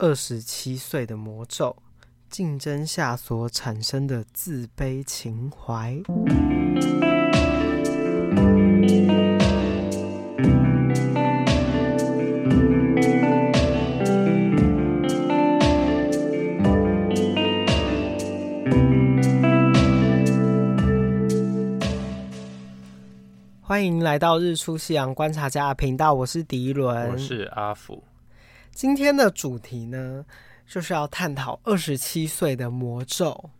二十七歲的魔咒，競爭下所產生的自卑情懷。歡迎來到日出夕陽觀察家的頻道，我是迪倫，我是阿福。今天的主題呢，就是要探討二十七歲的魔咒。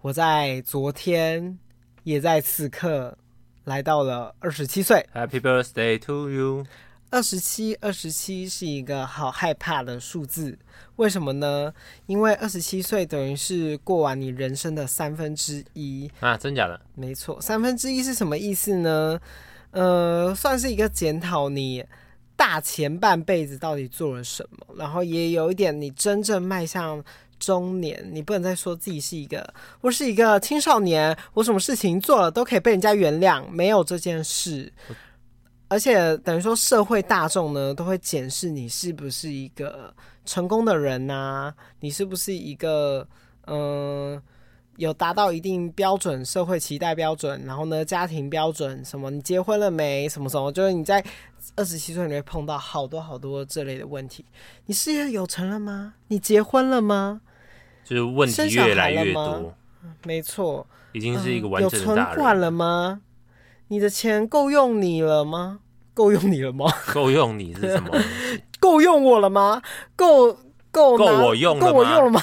我在昨天，也在此刻來到了二十七歲。Happy birthday to you！二十七，二十七是一個好害怕的數字，為什麼呢？因為二十七歲等於是過完你人生的三分之一。啊，真假的？沒錯，三分之一是什麼意思呢？呃，算是一個檢討你，大前半輩子到底做了什麼？然後也有一點，你真正邁向中年，你不能再說自己是一個，我是一個青少年，我什麼事情做了都可以被人家原諒，沒有這件事。嗯、而且等於說，社會大眾呢都會檢視你是不是一個成功的人吶、啊？你是不是一個，嗯？有達到一定標準，社會期待標準，然後呢，家庭標準什麼？你結婚了沒？什麼什麼？就是你在二十七歲你會碰到好多好多這類的問題。你事業有成了嗎？你結婚了嗎？就是問題越來越多。生小孩了嗎沒錯，已經是一個完整的大人、嗯、存款了嗎？你的錢夠用你了嗎？夠用你了嗎？夠用你是什麼？夠 用我了嗎？夠。夠夠我用了嗎？夠我用了嗎？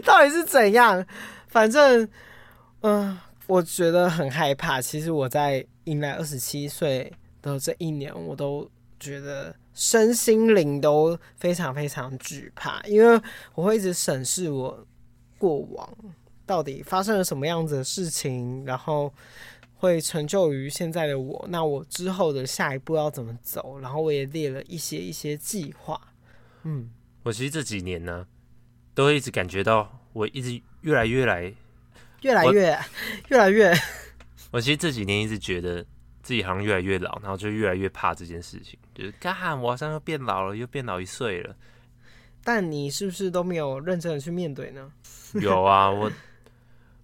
到底是怎樣？反正，嗯、呃，我覺得很害怕。其實我在迎來二十七歲的這一年，我都覺得身心靈都非常非常懼怕，因為我會一直審視我過往到底發生了什麼樣子的事情，然後會成就於現在的我。那我之後的下一步要怎麼走？然後我也列了一些一些計劃，嗯。我其實這幾年呢，都會一直感覺到，我一直越來越來，越來越，我越來越。我其實這幾年一直覺得自己好像越來越老，然後就越來越怕這件事情，就是幹，我好像又變老了，又變老一歲了。但你是不是都沒有認真地去面對呢？有啊，我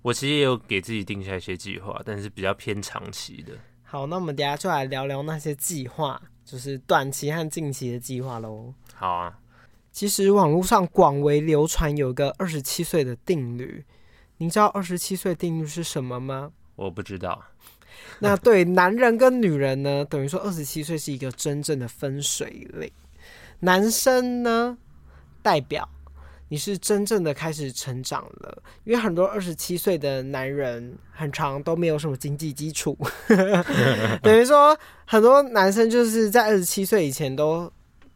我其實也有給自己定下一些計劃，但是比較偏長期的。好，那我們等下就來聊聊那些計劃，就是短期和近期的計劃嘍。好啊。其實網絡上廣為流傳有一個二十七歲的定律，您知道二十七歲定律是什麼嗎？我不知道。那對男人跟女人呢， 等於說二十七歲是一個真正的分水嶺。男生呢，代表你是真正的開始成長了，因為很多二十七歲的男人很常都沒有什麼經濟基礎， 等於說很多男生就是在二十七歲以前都。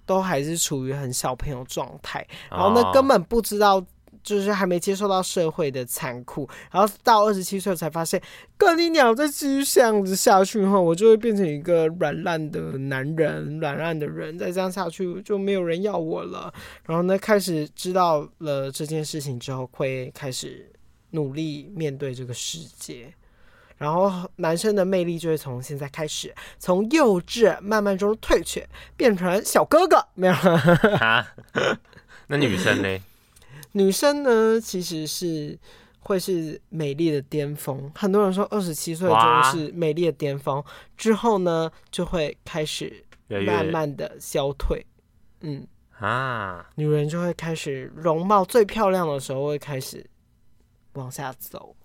都還是處於很小朋友狀態，然後呢，oh. 根本不知道，就是還沒接受到社會的殘酷。然後到二十七歲才發現，幹你娘，再繼續這樣子下去的話，我就會變成一個軟爛的男人，軟爛的人。再這樣下去就沒有人要我了。然後呢，開始知道了這件事情之後，會開始努力面對這個世界。然後男生的魅力就會從現在開始，從幼稚、啊、慢慢中退去，變成小哥哥，沒有 那女生呢、嗯？女生呢，其實是會是美麗的巔峰。很多人說二十七歲就是美麗的巔峰，哇之後呢就會開始慢慢的消退。月嗯啊，哈女人就會開始容貌最漂亮的時候會開始往下走。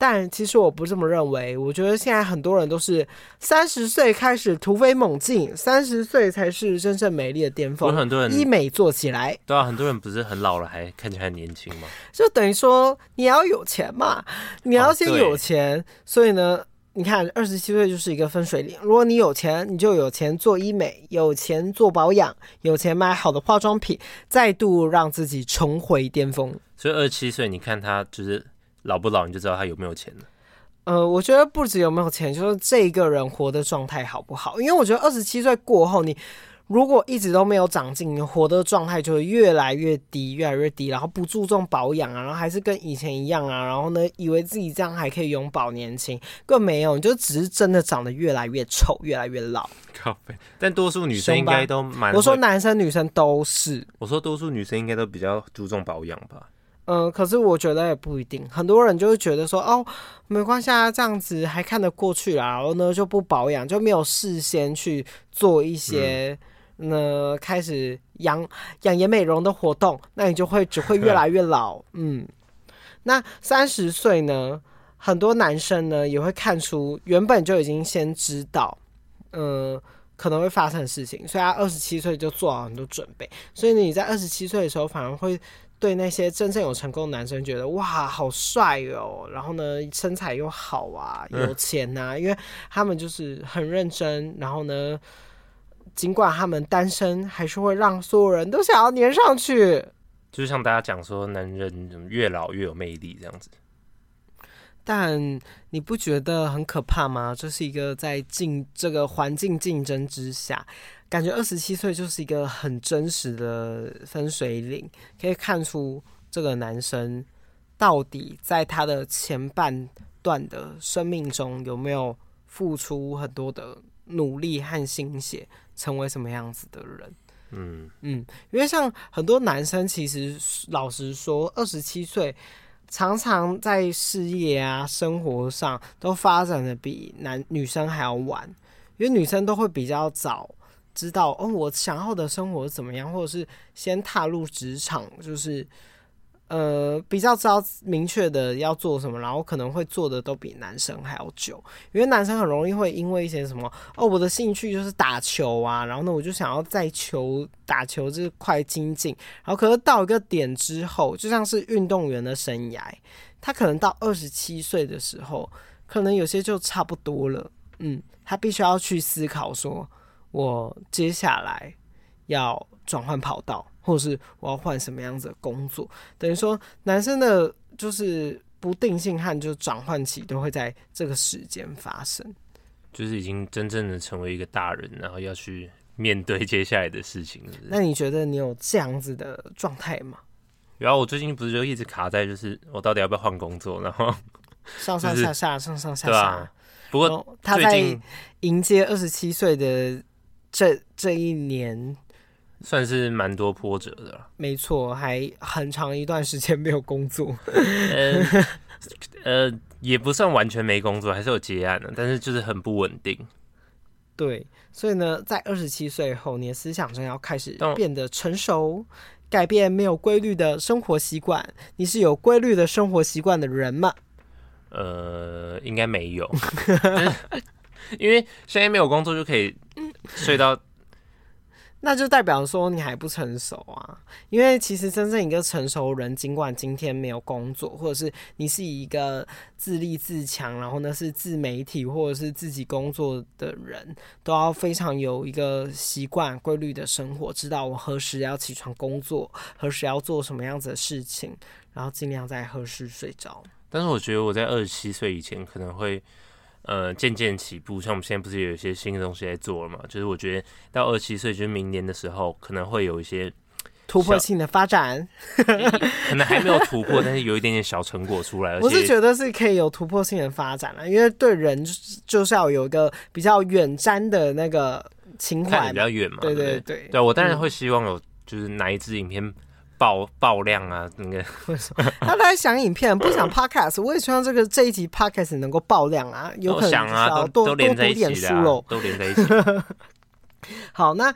但其實我不這麼認為，我覺得現在很多人都是三十歲開始突飛猛進，三十歲才是真正美麗的巔峰。有很多人醫美做起來，對啊，很多人不是很老了還看起來很年輕嗎？就等於說你要有錢嘛，你要先有錢，啊、所以呢，你看二十七歲就是一個分水嶺。如果你有錢，你就有錢做醫美，有錢做保養，有錢買好的化妝品，再度讓自己重回巔峰。所以二十七歲，你看他就是。老不老，你就知道他有沒有錢了。呃，我覺得不止有沒有錢，就是這個人活的狀態好不好。因為我覺得二十七歲過後，你如果一直都沒有長進，你活的狀態就會越來越低，越來越低。然後不注重保養啊，然後還是跟以前一樣啊，然後呢，以為自己這樣還可以永葆年輕，更沒有。你就只是真的長得越來越醜，越來越老。靠，但多數女生應該都蠻……我說男生女生都是，我說多數女生應該都比較注重保養吧。嗯，可是我覺得也不一定。很多人就會覺得說，哦，沒關係，啊，這樣子還看得過去啦，然後呢就不保養，就沒有事先去做一些，嗯、呢開始養養顏美容的活動，那你就會只會越來越老。嗯，嗯，那三十歲呢，很多男生呢也會看出原本就已經先知道，嗯、呃，可能會發生的事情，所以他二十七歲就做好很多準備，所以你在二十七歲的時候反而會。對那些真正有成功的男生，覺得哇，好帥哦！然後呢，身材又好啊，有錢吶、啊，嗯、因為他們就是很認真。然後呢，儘管他們單身，還是會讓所有人都想要黏上去。就像大家講說，男人越老越有魅力這樣子。但你不覺得很可怕嗎？這、就是一個在競這個環境競爭之下。感覺二十七歲就是一個很真實的分水嶺，可以看出這個男生到底在他的前半段的生命中有沒有付出很多的努力和心血，成為什麼樣子的人。嗯嗯，因為像很多男生，其實老實說，二十七歲常常在事業啊、生活上都發展得比男女生還要晚，因為女生都會比較早。知道哦，我想要的生活怎麼樣，或者是先踏入職場，就是，呃，比較知道明確的要做什麼，然後可能會做的都比男生還要久，因為男生很容易會因為一些什麼，哦，我的興趣就是打球啊，然後呢，我就想要在球打球這塊精進，然後可是到一個點之後，就像是運動員的生涯，他可能到二十七歲的時候，可能有些就差不多了，嗯，他必須要去思考說。我接下來要轉換跑道，或者是我要換什麼樣子的工作？等於說，男生的就是不定性，和就轉換期都會在這個時間發生，就是已經真正的成為一個大人，然後要去面對接下來的事情是不是？那你覺得你有這樣子的狀態嗎？然後、啊、我最近不是就一直卡在，就是我到底要不要換工作？然後、就是、上，下下下上上下下，上上下下。不過他在最近迎接二十七歲的。這這一年算是蠻多波折的，沒錯，還很長一段時間沒有工作。呃， 呃，也不算完全沒工作，還是有接案的，但是就是很不穩定。對，所以呢，在二十七歲後，你的思想上要開始變得成熟，嗯、改變沒有規律的生活習慣。你是有規律的生活習慣的人嗎？呃，應該沒有， 因為現在沒有工作就可以。睡到， 那就代表說你還不成熟啊。因為其實真正一個成熟的人，儘管今天沒有工作，或者是你是一個自立自強，然後呢是自媒體或者是自己工作的人，都要非常有一個習慣規律的生活，知道我何時要起床工作，何時要做什麼樣子的事情，然後盡量在何時睡着。但是我覺得我在二十七歲以前可能會。呃，漸漸起步，像我們現在不是有一些新的東西在做了嘛？就是我覺得到二十七歲，就是明年的時候，可能會有一些突破性的發展， 可能還沒有突破， 但是有一點點小成果出來。我是覺得是可以有突破性的發展了啊，因為對人就是要有一個比較遠瞻的那個情懷，比較遠嘛，對對對。對，我當然會希望有，就是哪一支影片。爆爆量啊！那個，為什麼？他在想影片，不想 podcast。我也希望這個這一集 podcast 能夠爆量啊，有想啊，都多連點一起都連在一起，啊。好，那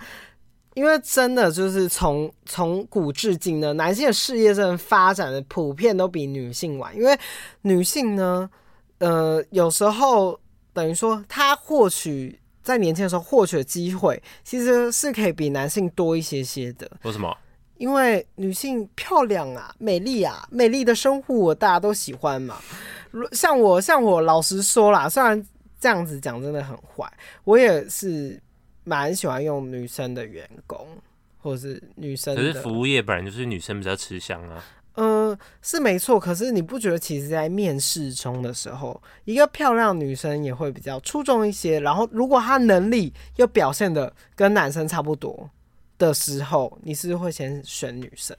因為真的就是從從古至今呢，男性的事業上發展的普遍都比女性晚，因為女性呢，呃，有時候等於說她獲取在年輕的時候獲取的機會，其實是可以比男性多一些些的。為什麼？因為女性漂亮啊，美麗啊，美麗的生活，大家都喜歡嘛。像我，像我，老實說啦，雖然這樣子講真的很壞，我也是蠻喜歡用女生的員工，或是女生。可是服務業本來就是女生比較吃香啊。嗯，是沒錯。可是你不覺得，其實，在面試中的時候，一個漂亮女生也會比較出眾一些。然後，如果她能力又表現得跟男生差不多。的時候，你是不是會先選女生？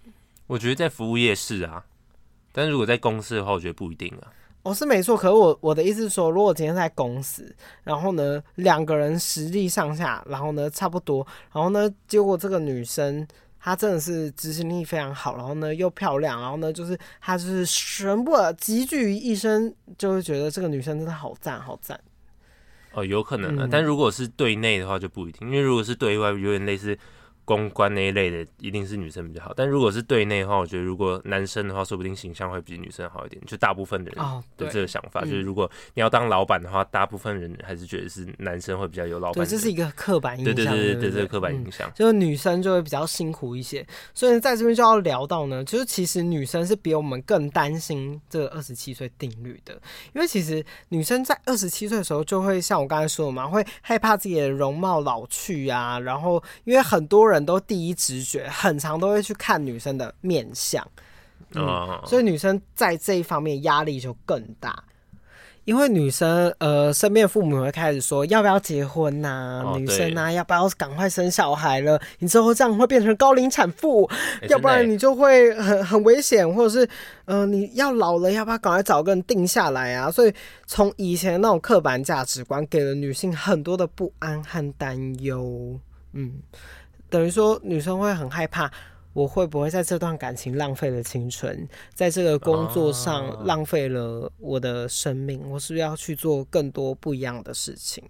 我覺得在服務業是啊，但如果在公司的話，我覺得不一定啊。哦，是沒錯。可是我我的意思是說，如果我今天在公司，然後呢，兩個人實力上下，然後呢，差不多，然後呢，結果這個女生她真的是執行力非常好，然後呢又漂亮，然後呢就是她就是全部集聚於一身，就會覺得這個女生真的好讚好讚。哦，有可能的啊。嗯，但如果是對內的話就不一定，因為如果是對外，有點類似。公關那一類的一定是女生比較好，但如果是對內的話，我覺得如果男生的話，說不定形象會比女生好一點。就大部分的人對這個想法，哦、就是如果你要當老闆的話，嗯、大部分人還是覺得是男生會比較有老闆。這是一個刻板印象。對對對，對，對，對，對這個刻板印象、嗯、就是女生就會比較辛苦一些。所以在這邊就要聊到呢，就是其實女生是比我們更擔心這個二十七歲定律的，因為其實女生在二十七歲的時候就會像我剛才說的嘛，會害怕自己的容貌老去啊，然後因為很多人、嗯。很多第一直覺，很常都會去看女生的面相，啊、嗯，oh, oh, oh. 所以女生在這一方面壓力就更大，因為女生呃，身邊父母會開始說要不要結婚吶、啊，oh, 女生吶、啊，對要不要趕快生小孩了？你之後這樣會變成高齡產婦，欸、要不然你就會很很危險，或者是嗯、呃，你要老了，要不要趕快找個人定下來啊？所以從以前那種刻板價值觀，給了女性很多的不安和擔憂，嗯。等於說，女生會很害怕，我會不會在這段感情浪費了青春，在這個工作上浪費了我的生命？我是不是要去做更多不一樣的事情？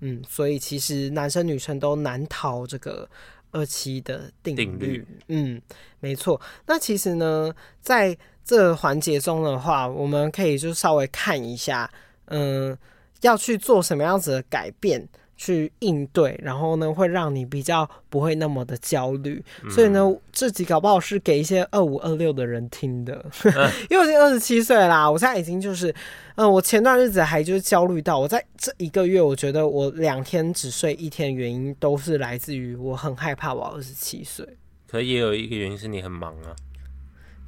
嗯，所以其實男生女生都難逃這個二七的定律。定律嗯，沒錯。那其實呢，在這個環節中的話，我們可以就稍微看一下，嗯、呃，要去做什麼樣子的改變。去應對，然後呢，會讓你比較不會那麼的焦慮。嗯、所以呢，這集搞不好是給一些二五二六的人聽的，嗯、 因為我已經二十七歲啦。我現在已經就是，嗯、呃，我前段日子還就是焦慮到，我在這一個月，我覺得我兩天只睡一天，原因都是來自於我很害怕我二十七歲。可也有一個原因是你很忙啊。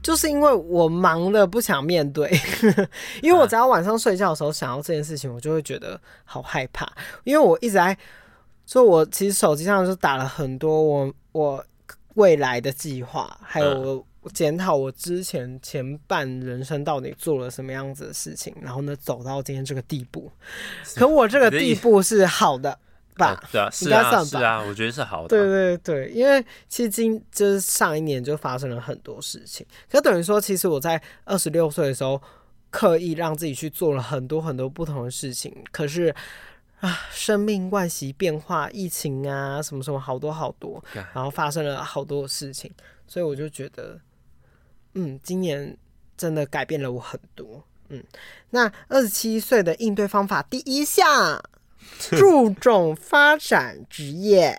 就是因為我忙的不想面對， 因為我只要晚上睡覺的時候想到這件事情，我就會覺得好害怕。因為我一直在，就我其實手機上就打了很多我我未來的計劃，還有我檢討我之前前半人生到底做了什麼樣子的事情，然後呢走到今天這個地步。可我這個地步是好的。是啊，是啊，我覺得是好的。對對對，因為其實今就是上一年就發生了很多事情，就等於說，其實我在二十六歲的時候，刻意讓自己去做了很多很多不同的事情。可是啊，生命外襲變化，疫情啊，什麼什麼，好多好多，幹然後發生了好多事情，所以我就覺得，嗯，今年真的改變了我很多。嗯，那二十七歲的應對方法第一項。 注重發展職業，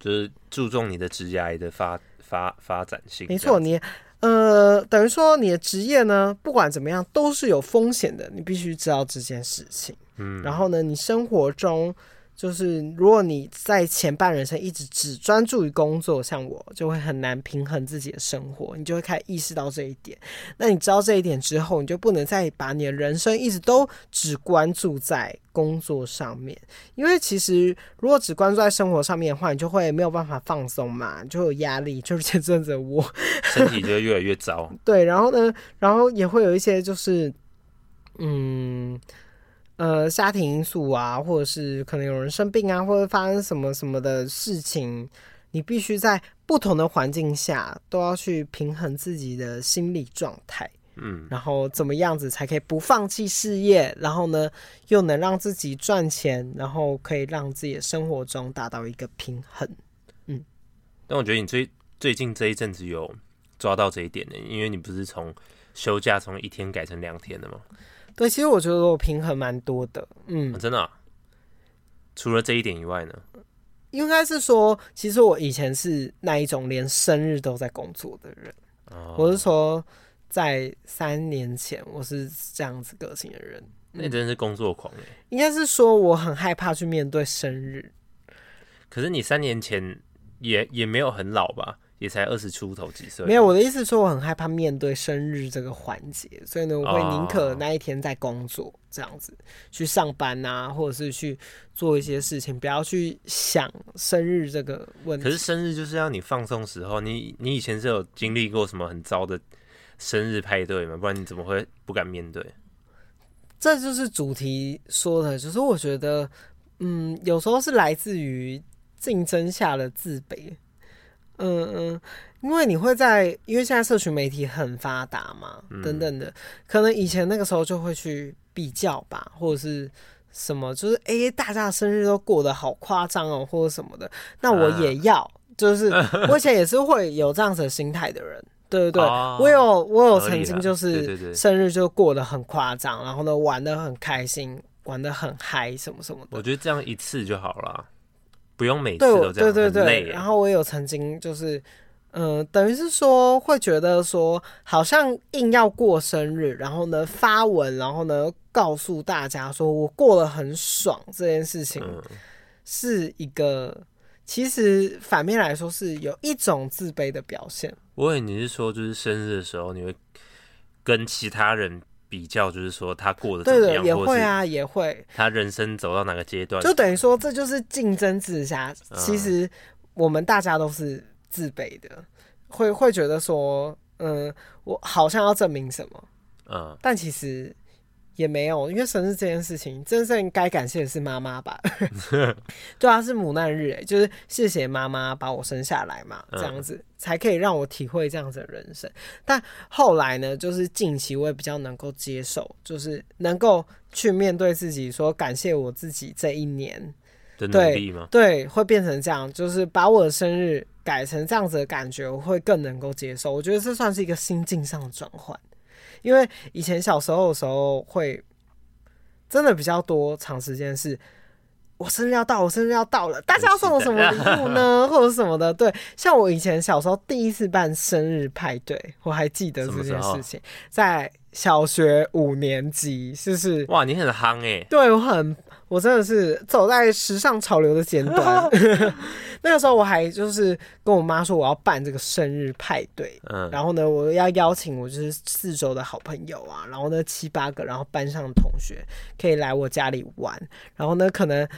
就是注重你的職業的發發發展性。沒錯，你呃，等於說你的職業呢，不管怎麼樣都是有風險的，你必須知道這件事情。嗯，然後呢，你生活中。就是如果你在前半人生一直只專注於工作，像我就會很難平衡自己的生活，你就會開始意識到這一點。那你知道這一點之後，你就不能再把你的人生一直都只關注在工作上面，因為其實如果只關注在生活上面的話，你就會沒有辦法放鬆嘛，你就有壓力，就是這陣子我身體就會越來越糟。 對，然後呢，然後也會有一些就是，嗯。呃，家庭因素啊，或者是可能有人生病啊，或者發生什麼什麼的事情，你必須在不同的環境下都要去平衡自己的心理狀態。嗯，然後怎麼樣子才可以不放棄事業，然後呢又能讓自己賺錢，然後可以讓自己的生活中達到一個平衡。嗯，但我覺得你最最近這一陣子有抓到這一點呢，因為你不是從休假從一天改成兩天的嗎？對，其實我覺得我平衡蠻多的，嗯，啊、真的、啊。除了這一點以外呢？應該是說，其實我以前是那一種連生日都在工作的人。哦、我是說，在三年前我是這樣子個性的人。那、嗯、真的是工作狂哎、欸。應該是說我很害怕去面對生日。可是你三年前也也沒有很老吧？也才二十出頭幾歲，所以，沒有，我的意思是說，我很害怕面對生日這個環節，所以呢，我會寧可那一天在工作這樣子、哦、去上班啊，或者是去做一些事情，不要去想生日這個問題。可是生日就是要你放鬆時候，你你以前是有經歷過什麼很糟的生日派對嗎？不然你怎麼會不敢面對？這就是主題說的，就是我覺得，嗯，有時候是來自於競爭下的自卑。嗯嗯，因為你會在，因為現在社群媒體很發達嘛，嗯、等等的，可能以前那個時候就會去比較吧，或者是什麼，就是哎、欸，大家生日都過得好誇張哦，或者什麼的，那我也要，啊、就是我以前也是會有這樣子的心態的人， 對對對，我有我有曾經就是生日就過得很誇張，然後呢玩的很開心，玩的很嗨，什麼什麼的，我覺得這樣一次就好了。不用每次都這樣，對對對，很累。然後我有曾經就是，嗯、呃，等於是說會覺得說，好像硬要過生日，然後呢發文，然後呢告訴大家說我過得很爽這件事情，是一個、嗯、其實反面來說是有一種自卑的表現。我以為你是說就是生日的時候你會跟其他人？比較就是說他過得怎麼樣，或者他人生走到哪個階段，就等於說這就是競爭之下，其實我們大家都是自卑的，會會覺得說，嗯、呃，我好像要證明什麼，嗯，但其實。也沒有，因為生日這件事情，真正該感謝的是媽媽吧。 對啊，是母難日、欸，就是謝謝媽媽把我生下來嘛，這樣子、嗯、才可以讓我體會這樣子的人生。但後來呢，就是近期我也比較能夠接受，就是能夠去面對自己，說感謝我自己這一年。這能力嗎？對對，會變成這樣，就是把我的生日改成這樣子的感覺，我會更能夠接受。我覺得這算是一個心境上的轉換。因為以前小時候的時候，會真的比較多長時間是，我生日要到，我生日要到了，大家要送我什麼禮物呢？或者什麼的。對，像我以前小時候第一次辦生日派對，我還記得這件事情，在小學五年級。不是，哇，你很夯誒。對我很，我真的是走在時尚潮流的尖端。 那個時候我還就是跟我媽說，我要辦這個生日派對，嗯，然後呢，我要邀請我就是四周的好朋友啊，然後呢七八個，然後班上的同學可以來我家裡玩，然後呢可能。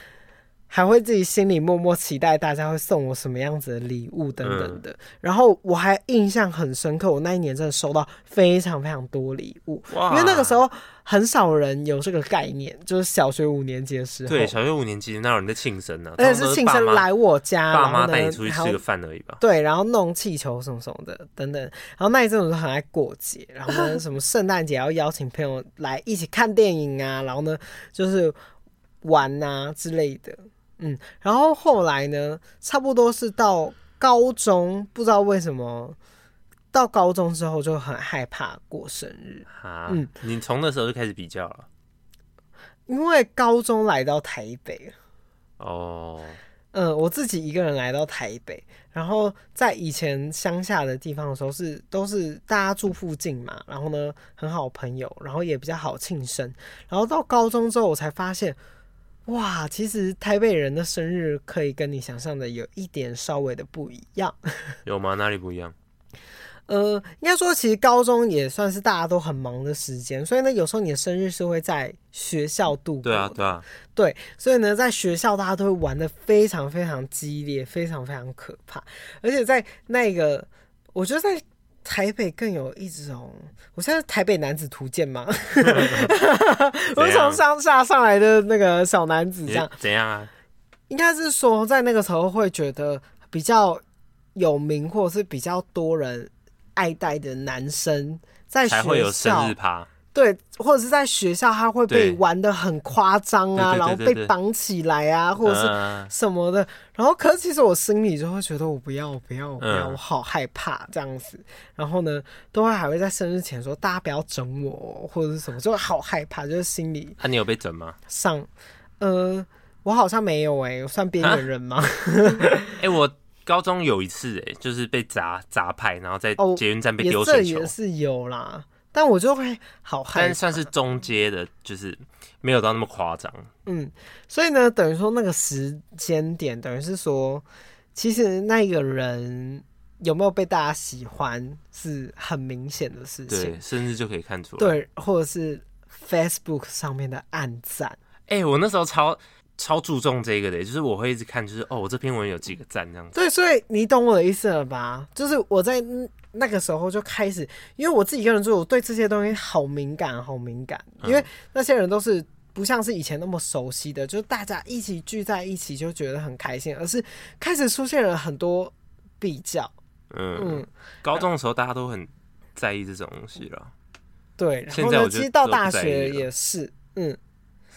還會自己心裡默默期待大家會送我什麼樣子的禮物等等的，嗯、然後我還印象很深刻，我那一年真的收到非常非常多禮物，哇因為那個時候很少人有這個概念，就是小學五年級的時候，對，小學五年級那有人在慶生、啊、呢，而且是慶生來我家，爸媽帶你出去吃個飯而已吧，對，然後弄氣球什麼什麼的等等，然後那一陣子很愛過節，然後呢什麼聖誕節要邀請朋友來一起看電影啊， 然後呢就是玩啊之類的。嗯，然後後來呢，差不多是到高中，不知道為什麼，到高中之後就很害怕過生日啊。哈嗯，你從那時候就開始比較了，因為高中來到台北，哦，嗯，我自己一個人來到台北，然後在以前鄉下的地方的時候是都是大家住附近嘛，然後呢很好朋友，然後也比較好慶生，然後到高中之後我才發現。哇，其實台北人的生日可以跟你想象的有一點稍微的不一樣。 有嗎？哪裡不一樣？呃，應該說，其實高中也算是大家都很忙的時間，所以呢，有時候你的生日是會在學校度過的。對啊，對啊，對。所以呢，在學校大家都會玩得非常非常激烈，非常非常可怕。而且在那個，我覺得在。台北更有一種，我現在是台北男子圖鑑嗎？ 樣我從鄉下上來的那個小男子，這樣怎樣啊？應該是說，在那個時候會覺得比較有名，或是比較多人愛戴的男生，在學校才會有生日趴對，或者是在學校，他會被玩得很誇張啊，對對對對對，然後被綁起來啊，嗯、或者是什麼的。然後，可是其實我心裡就會覺得我不要不要不要，我好害怕這樣子。嗯、然後呢，都會還會在生日前說大家不要整我或者是什麼，就會好害怕，就是心裡。那、啊、你有被整嗎？上，呃，我好像沒有哎、欸，我算邊緣人嗎？哎、啊 欸，我高中有一次哎、欸，就是被砸砸派，然後在捷運站被丟水球、哦、也，也是有啦。但我就會好害怕，但算是中階的，就是沒有到那麼誇張。嗯，所以呢，等於說那個時間點，等於是說，其實那個人有沒有被大家喜歡，是很明顯的事情，對，甚至就可以看出來，對，或者是 Facebook 上面的按讚。哎、欸，我那時候超超注重這個的，就是我會一直看，就是哦，我這篇文有幾個讚這樣子。對，所以你懂我的意思了吧？就是我在。那個時候就開始，因為我自己一個人住，我對這些東西好敏感，好敏感。因為那些人都是不像是以前那麼熟悉的，就大家一起聚在一起就覺得很開心，而是開始出現了很多比較。嗯，嗯，高中的時候大家都很在意這種東西了。對，然後呢，現在我就都不在意了。其實到大學也是，嗯。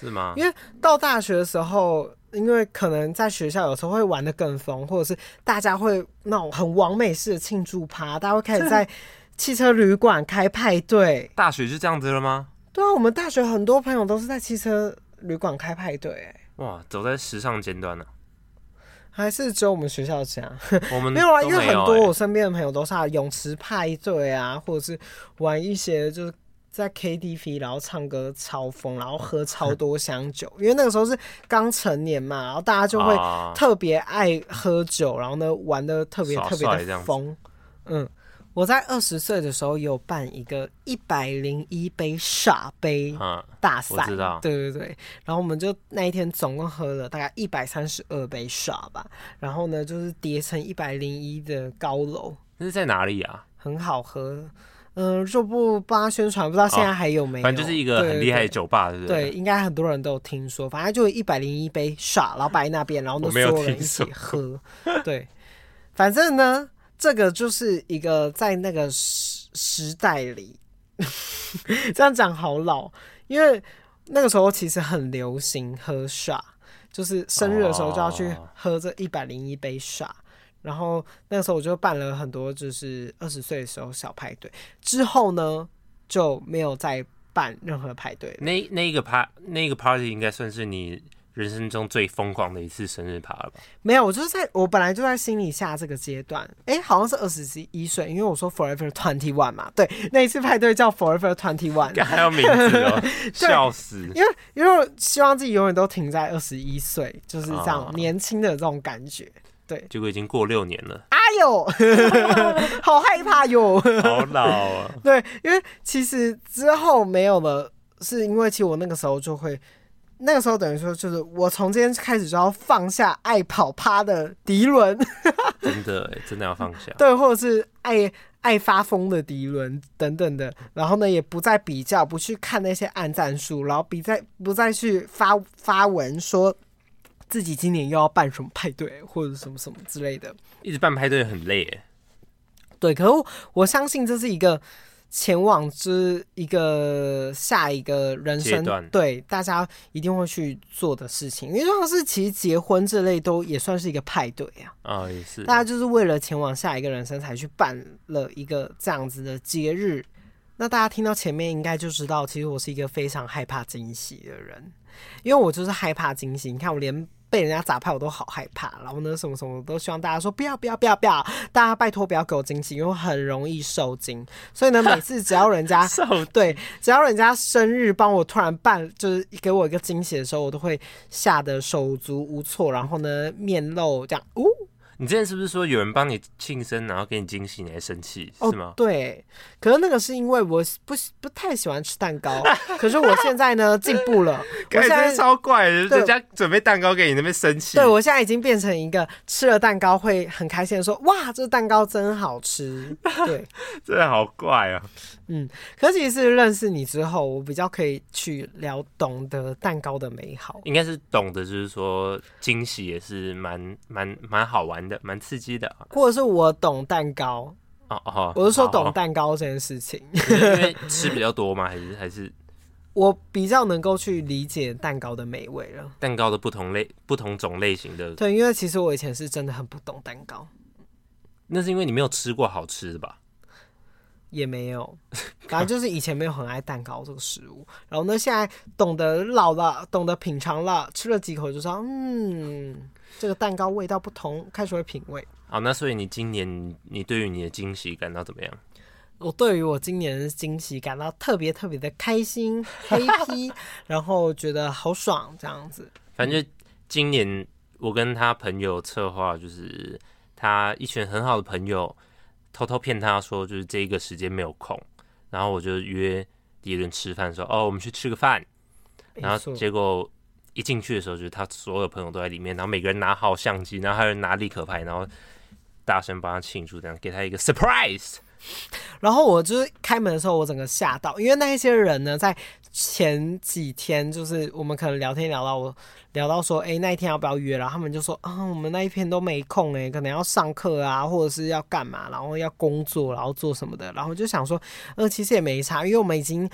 是嗎？因為到大學的時候，因為可能在學校有時候會玩得更瘋，或者是大家會那種很完美式的慶祝趴，大家會開始在汽車旅館開派對是。大學就這樣子了嗎？對啊，我們大學很多朋友都是在汽車旅館開派對，欸。哇，走在時尚尖端呢？還是只有我們學校這樣？ 我們沒有啊，欸，因為很多我身邊的朋友都是在泳池派對啊，或者是玩一些就是。在 KTV，然後唱歌超瘋，然後喝超多香酒， 因為那個時候是剛成年嘛，然後大家就會特別愛喝酒，哦、然後呢玩得特別特別特別的特別特別的瘋。嗯，我在二十歲的時候有辦一個一百零一杯傻杯大賽、嗯，我知道，對對對。然後我們就那一天總共喝了大概一百三十二杯耍吧，然後呢就是疊成一百零一的高樓。那是在哪裡啊？很好喝。嗯，就不幫他宣傳，不知道現在還有沒有、哦。反正就是一個很厲害的酒吧，對，對是不是？對，應該很多人都有聽說。反正就一百零一杯耍，老闆那邊，然後所有人一起喝。對，反正呢，這個就是一個在那個時時代裡， 這樣講好老，因為那個時候其實很流行喝耍，就是生日的時候就要去喝這一百零一杯耍。哦然後那個時候我就辦了很多，就是二十歲的時候小派對。之後呢就沒有再辦任何派對。那那一個 pa, 那個派那個 party 應該算是你人生中最瘋狂的一次生日 part 了吧？沒有，我就是在我本來就在心裡下這個階段，哎，好像是二十一歲，因為我說 forever twenty one 嘛。對，那一次派對叫 forever twenty one，還有名字哦,， 對笑死。因為因為我希望自己永遠都停在二十一歲，就是這樣、哦、年輕的這種感覺。對，結果已經過六年了。哎呦呵呵好害怕喲！好老啊。對，因為其實之後沒有了，是因為其實我那個時候就會，那個時候等於說，就是我從今天開始就要放下愛跑趴的迪倫。真的，真的要放下。對，或者是愛愛發瘋的迪倫等等的，然後呢，也不再比較，不去看那些按讚數，然後不再不再去發發文說。自己今年又要辦什麼派對，或者什麼什麼之類的，一直辦派對很累耶。對，可是我，我相信這是一個前往之一個下一個人生階段，對大家一定會去做的事情。因為算是，其實結婚這類都也算是一個派對啊。啊、哦，也是，大家就是為了前往下一個人生才去辦了一個這樣子的節日。那大家聽到前面應該就知道，其實我是一個非常害怕驚喜的人，因為我就是害怕驚喜。你看，我連被人家砸派我都好害怕。然後呢，什麼什麼，都希望大家說不要不要不要不要，大家拜託不要給我驚喜，因為我很容易受驚。所以呢，每次只要人家 對，只要人家生日幫我突然辦，就是給我一個驚喜的時候，我都會嚇得手足無措，然後呢，面露這樣，嗚。你之前是不是說有人幫你慶生，然後給你驚喜，你還生氣，是嗎？Oh, 對，可是那個是因為我不不太喜歡吃蛋糕， 可是我現在呢進步了。我 現在可真的超怪的，對人家準備蛋糕給你那，那邊生氣。對，我現在已經變成一個吃了蛋糕會很開心的說，說哇，這蛋糕真好吃。 對，真的好怪啊。嗯，可其實是認識你之後，我比較可以去聊懂得蛋糕的美好。應該是懂得，就是說驚喜也是蠻蠻蠻好玩的，蠻刺激的。或者是我懂蛋糕哦哦，哦我是說懂蛋糕這件事情，哦哦、 因為吃比較多嗎？還是還是我比較能夠去理解蛋糕的美味了？蛋糕的不同類、不同種類型的對，因為其實我以前是真的很不懂蛋糕，那是因為你沒有吃過好吃的吧？也沒有，反正就是以前沒有很愛蛋糕這個食物，然後呢，現在懂得老了，懂得品嘗了，吃了幾口就知道，嗯，這個蛋糕味道不同，開始會品味。好，那所以你今年你對於你的驚喜感到怎麼樣？我對於我今年的驚喜感到特別特別的開心 黑皮，然後覺得好爽這樣子。反正就今年我跟他朋友策劃，就是他一群很好的朋友。偷偷騙他說，就是這個時間沒有空，然後我就約迪倫吃飯說，哦，我們去吃個飯。然後結果一進去的時候，就是他所有朋友都在裡面，然後每個人拿好相機，然後還有人拿立可牌，然後大聲幫他慶祝，這樣給他一個 surprise。然後我就是開門的時候，我整個嚇到，因為那一些人呢，在前幾天就是我們可能聊天聊到我聊到說，誒，那一天要不要約，然後他們就說，啊、哦，我們那一天都沒空誒，可能要上課啊，或者是要幹嘛，然後要工作，然後做什麼的，然後就想說，呃，其實也沒差，因為我們已經。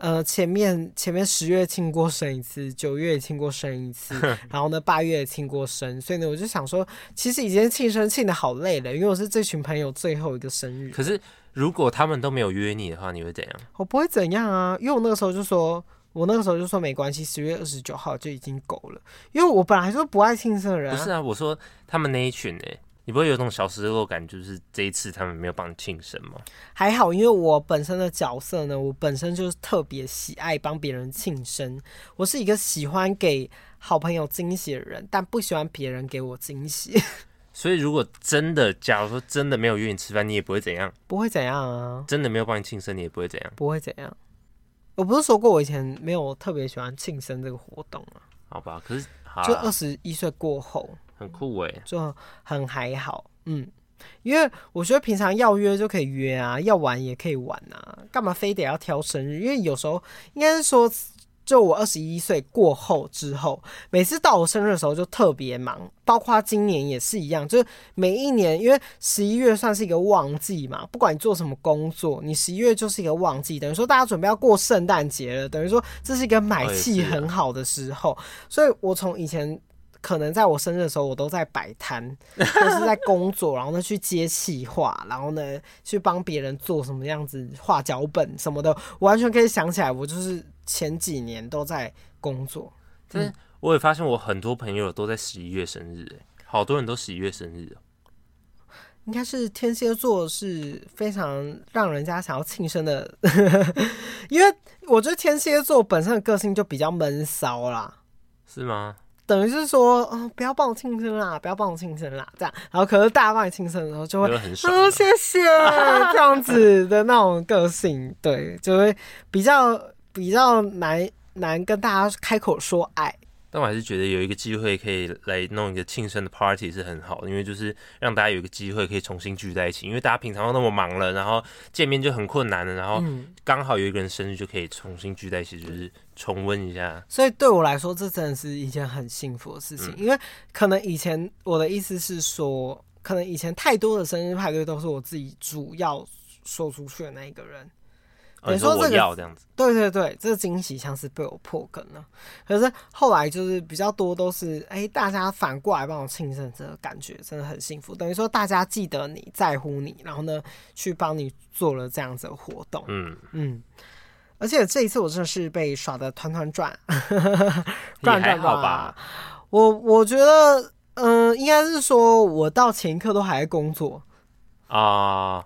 呃，前面前面十月慶過生一次，九月也慶過生一次，然後呢，八月也慶過生， 所以呢，我就想說，其實已經慶生慶得好累了，因為我是這群朋友最後一個生日。可是如果他們都沒有約你的話，你會怎樣？我不會怎樣啊，因為我那個時候就說，我那個時候就說沒關係，十月二十九號就已經夠了，因為我本來就不愛慶生的人，啊。不是啊，我說他們那一群誒，欸。你不會有種小失落感，就是這一次他們沒有幫你慶生嗎？還好，因為我本身的角色呢，我本身就是特別喜愛幫別人慶生。我是一個喜歡給好朋友驚喜的人，但不喜歡別人給我驚喜。所以，如果真的，假如說真的沒有約你吃飯，你也不會怎樣？不會怎樣啊！真的沒有幫你慶生，你也不會怎樣？不會怎樣。我不是說過，我以前沒有特別喜歡慶生這個活動啊。好吧，可是就二十一歲過後。很酷誒、欸，就很還好，嗯，因為我覺得平常要約就可以約啊，要玩也可以玩啊，幹嘛非得要挑生日？因為有時候應該是說，就我二十一歲過後之後，每次到我生日的時候就特別忙，包括今年也是一樣，就是每一年，因為十一月算是一個旺季嘛，不管你做什麼工作，你十一月就是一個旺季，等於說大家準備要過聖誕節了，等於說這是一個買氣很好的時候，哦也是啊、所以我從以前。可能在我生日的時候，我都在擺攤，都是在工作，然後呢去接企劃，然後呢去幫別人做什麼樣子畫腳本什麼的，我完全可以想起來，我就是前幾年都在工作。嗯、但是我也發現，我很多朋友都在十一月生日，哎，好多人都十一月生日，喔，應該是天蠍座是非常讓人家想要慶生的， 因為我覺得天蠍座本身的個性就比較悶騷啦，是嗎？等於是說，哦、不要幫我慶生啦，不要幫我慶生啦，這樣。然後，可是大家幫你慶生的時候，就會，嗯，說謝謝，這樣子的那種個性， 對，就會比較比較難難跟大家開口說愛。但我還是覺得有一個機會可以來弄一個慶生的 party 是很好的，因為就是讓大家有一個機會可以重新聚在一起，因為大家平常都那麼忙了，然後見面就很困難了，然後剛好有一個人生日就可以重新聚在一起，就是。重溫一下，所以對我來說，這真的是一件很幸福的事情。嗯、因為可能以前我的意思是說，可能以前太多的生日派對都是我自己主要說出去的那一個人。哦、等於說，這個、你說我要這樣子對對對，這個驚喜像是被我破梗了。可是後來就是比較多都是哎、欸，大家反過來幫我慶生，這個感覺真的很幸福。等於說大家記得你、在乎你，然後呢去幫你做了這樣子的活動。嗯嗯。嗯而且這一次我真的是被耍的團團轉，呵呵轉轉，轉，好吧。我我覺得，嗯、呃，應該是說，我到前一刻都還在工作啊，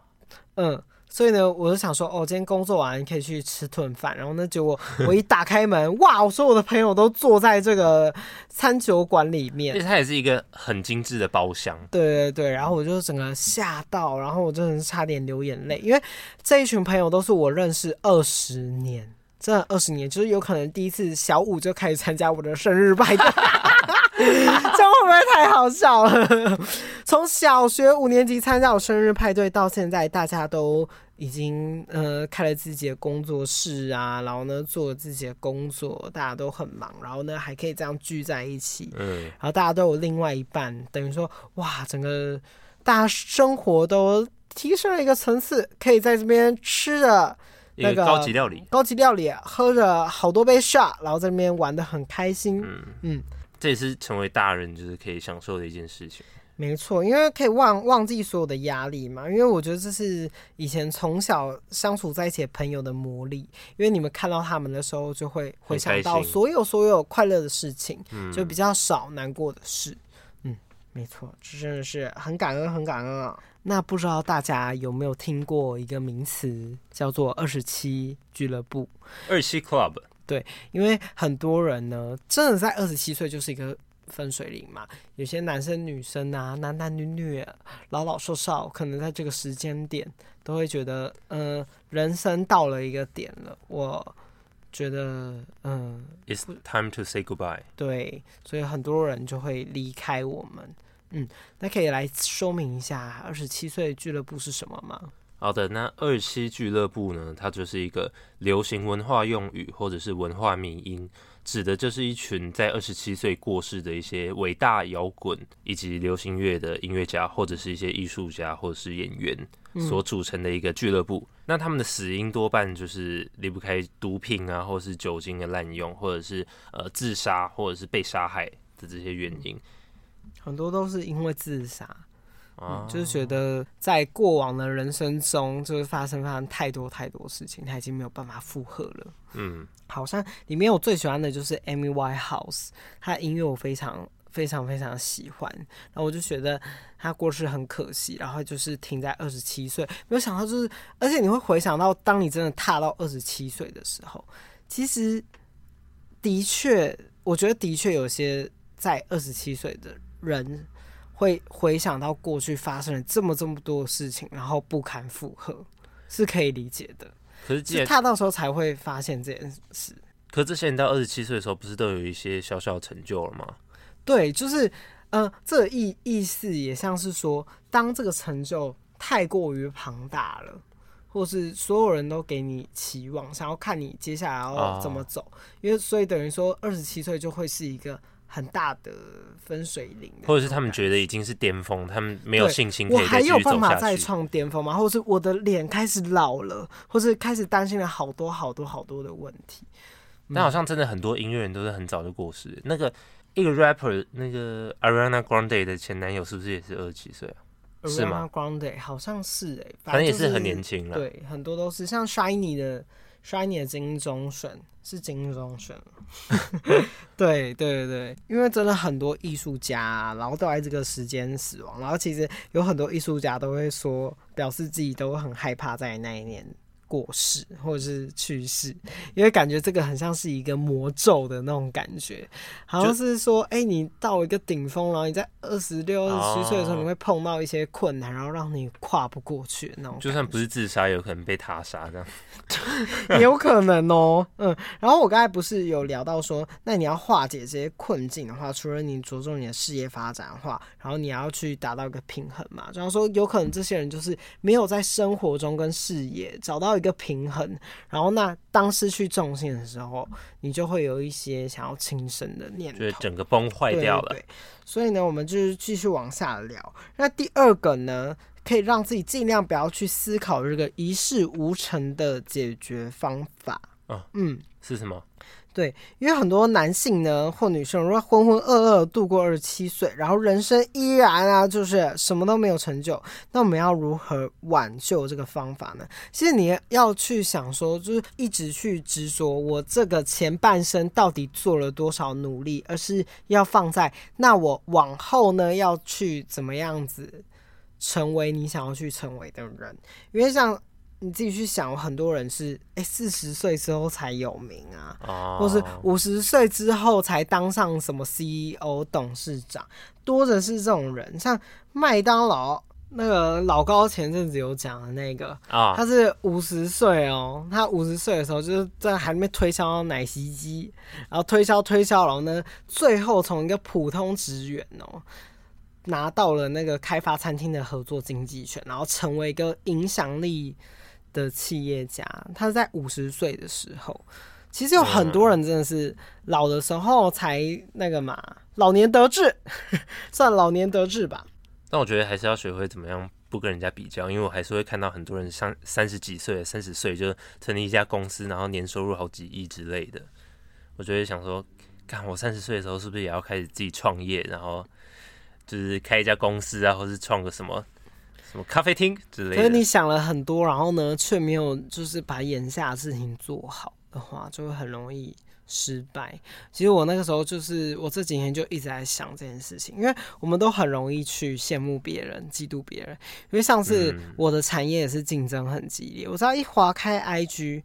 嗯。所以呢，我就想說，哦，今天工作完可以去吃頓飯。然後呢，結果我，我一打開門， 哇，我所有的朋友都坐在這個餐酒館裡面。其實它也是一個很精致的包廂。對對對，然後我就整個嚇到，然後我真的是差點流眼淚，因為這一群朋友都是我認識二十年，真的二十年，就是有可能第一次小五就開始參加我的生日派對。 這會不會太好笑了？ 從小學五年級參加我生日派對到現在，大家都已經呃開了自己的工作室啊，然後呢做自己的工作，大家都很忙，然後呢還可以這樣聚在一起。嗯，然後大家都有另外一半，等於說哇，整個大家生活都提升了一個層次，可以在這邊吃著那個高級料理，高級料理，喝着好多杯 shot，然後在那邊玩得很開心。嗯嗯。這也是成為大人就是可以享受的一件事情，沒錯，因為可以忘忘記所有的壓力嘛。因為我覺得這是以前從小相處在一起的朋友的魔力，因為你們看到他們的時候，就會回想到所有所有快樂的事情，就比較少難過的事。嗯，嗯，沒錯，這真的是很感恩，很感恩啊。那不知道大家有沒有聽過一個名詞，叫做二十七俱樂部？二十七 Club。對，因為很多人呢，真的在二十七歲就是一個分水嶺嘛。有些男生、女生啊，男男女女，老老少少，可能在這個時間點都會覺得，嗯、呃，人生到了一個點了。我覺得，嗯、呃，It's time to say goodbye。對，所以很多人就會離開我們。嗯，那可以來說明一下二十七歲俱樂部是什麼嗎？好的，那二七俱樂部呢，它就是一個流行文化用語，或者是文化迷因，指的就是一群在二十七歲過世的一些偉大搖滾以及流行樂的音樂家，或者是一些藝術家，或者是演員所組成的一個俱樂部。嗯、那他們的死因多半就是離不開毒品啊，或者是酒精的濫用，或者是呃自殺，或者是被殺害的這些原因。很多都是因為自殺。嗯、就是覺得在過往的人生中，就是發生發生太多太多事情，他已經沒有辦法負荷了。嗯，好像裡面我最喜歡的就是 Amy Winehouse，他的音樂我非常非常非常喜歡。然後我就覺得他過世很可惜，然後就是停在二十七歲，沒有想到就是，而且你會回想到，當你真的踏到二十七歲的時候，其實的確，我覺得的確有些在二十七歲的人。會回想到過去發生了這麼這麼多的事情，然後不堪負荷，是可以理解的。可是，是他到時候才會發現這件事。可是之前到二十七歲的時候，不是都有一些小小成就了嗎？對，就是，嗯、呃，這意、個、意思也像是說，當這個成就太過於龐大了，或是所有人都給你期望，想要看你接下來要怎麼走，啊、因為所以等於說，二十七歲就會是一個。很大的分水嶺，或者是他們覺得已經是巔峰，他們沒有信心，我還有辦法再創巔峰嗎？或是我的臉開始老了，或是開始擔心了好多好多好多的問題。嗯、但好像真的很多音樂人都是很早就過世。那個一個 rapper，那個 Ariana Grande 的前男友是不是也是二十七歲、啊、Ariana Grande，是嗎 Grande 好像是哎，反正，就是、反正也是很年輕了。對，很多都是像 Shiny 的。Shiny 的金鐘鉉是金鐘鉉。 對對對對，因為真的很多藝術家啊，然後都在這個時間死亡，然後其實有很多藝術家都會說，表示自己都很害怕在那一年。過世或者是去世，因為感覺這個很像是一個魔咒的那種感覺，好像是說，哎就、欸，你到一個頂峰，然後你在二十六、二十七歲的時候，oh. 你會碰到一些困難，然後讓你跨不過去那種。就算不是自殺，有可能被他殺，這樣 有可能哦、喔。 嗯，然後我剛才不是有聊到說，那你要化解這些困境的話，除了你着重你的事業發展的話，然後你要去達到一個平衡嘛。然後說，有可能這些人就是沒有在生活中跟事業找到。一個平衡，然後那當失去重心的時候，你就會有一些想要輕生的念頭，就整個崩壞掉了。對對對，所以呢，我們就是繼續往下聊。那第二個呢，可以讓自己盡量不要去思考這個一事無成的解決方法。哦、嗯。是什麼？對，因為很多男性呢或女生，如果渾渾噩噩度過二十七歲，然後人生依然啊，就是什麼都沒有成就，那我們要如何挽救這個方法呢？其實你要去想說，就是一直去執着我這個前半生到底做了多少努力，而是要放在那我往後呢要去怎麼樣子成為你想要去成為的人，因為像。你自己去想，很多人是哎四十歲之後才有名啊，oh. 或是五十歲之後才當上什麼 CEO、董事長，多的是這種人。像麥當勞那個老高前陣子有講的那個啊，oh. 他是五十歲哦，他五十歲的時候就是在海邊推銷奶昔機，然後推銷推銷，然後呢，最後從一個普通職員哦，拿到了那個開發餐廳的合作經濟權，然後成為一個影響力的企業家，他是在五十歲的時候，其實有很多人真的是老的時候才那個嘛，老年得志，呵呵，算老年得志吧。但我覺得還是要學會怎麼樣不跟人家比較，因為我還是會看到很多人三三十幾歲、三十歲就成立一家公司，然後年收入好幾億之類的。我就會想說，看我三十歲的時候是不是也要開始自己創業，然後就是開一家公司啊，或是創個什麼。咖啡廳之類的，所以你想了很多，然後呢，卻沒有就是把眼下的事情做好的話，就會很容易失敗。其實我那個時候就是，我這幾天就一直在想這件事情，因為我們都很容易去羨慕別人、嫉妒別人。因為上次我的產業也是競爭很激烈，嗯、我只要一劃開 IG，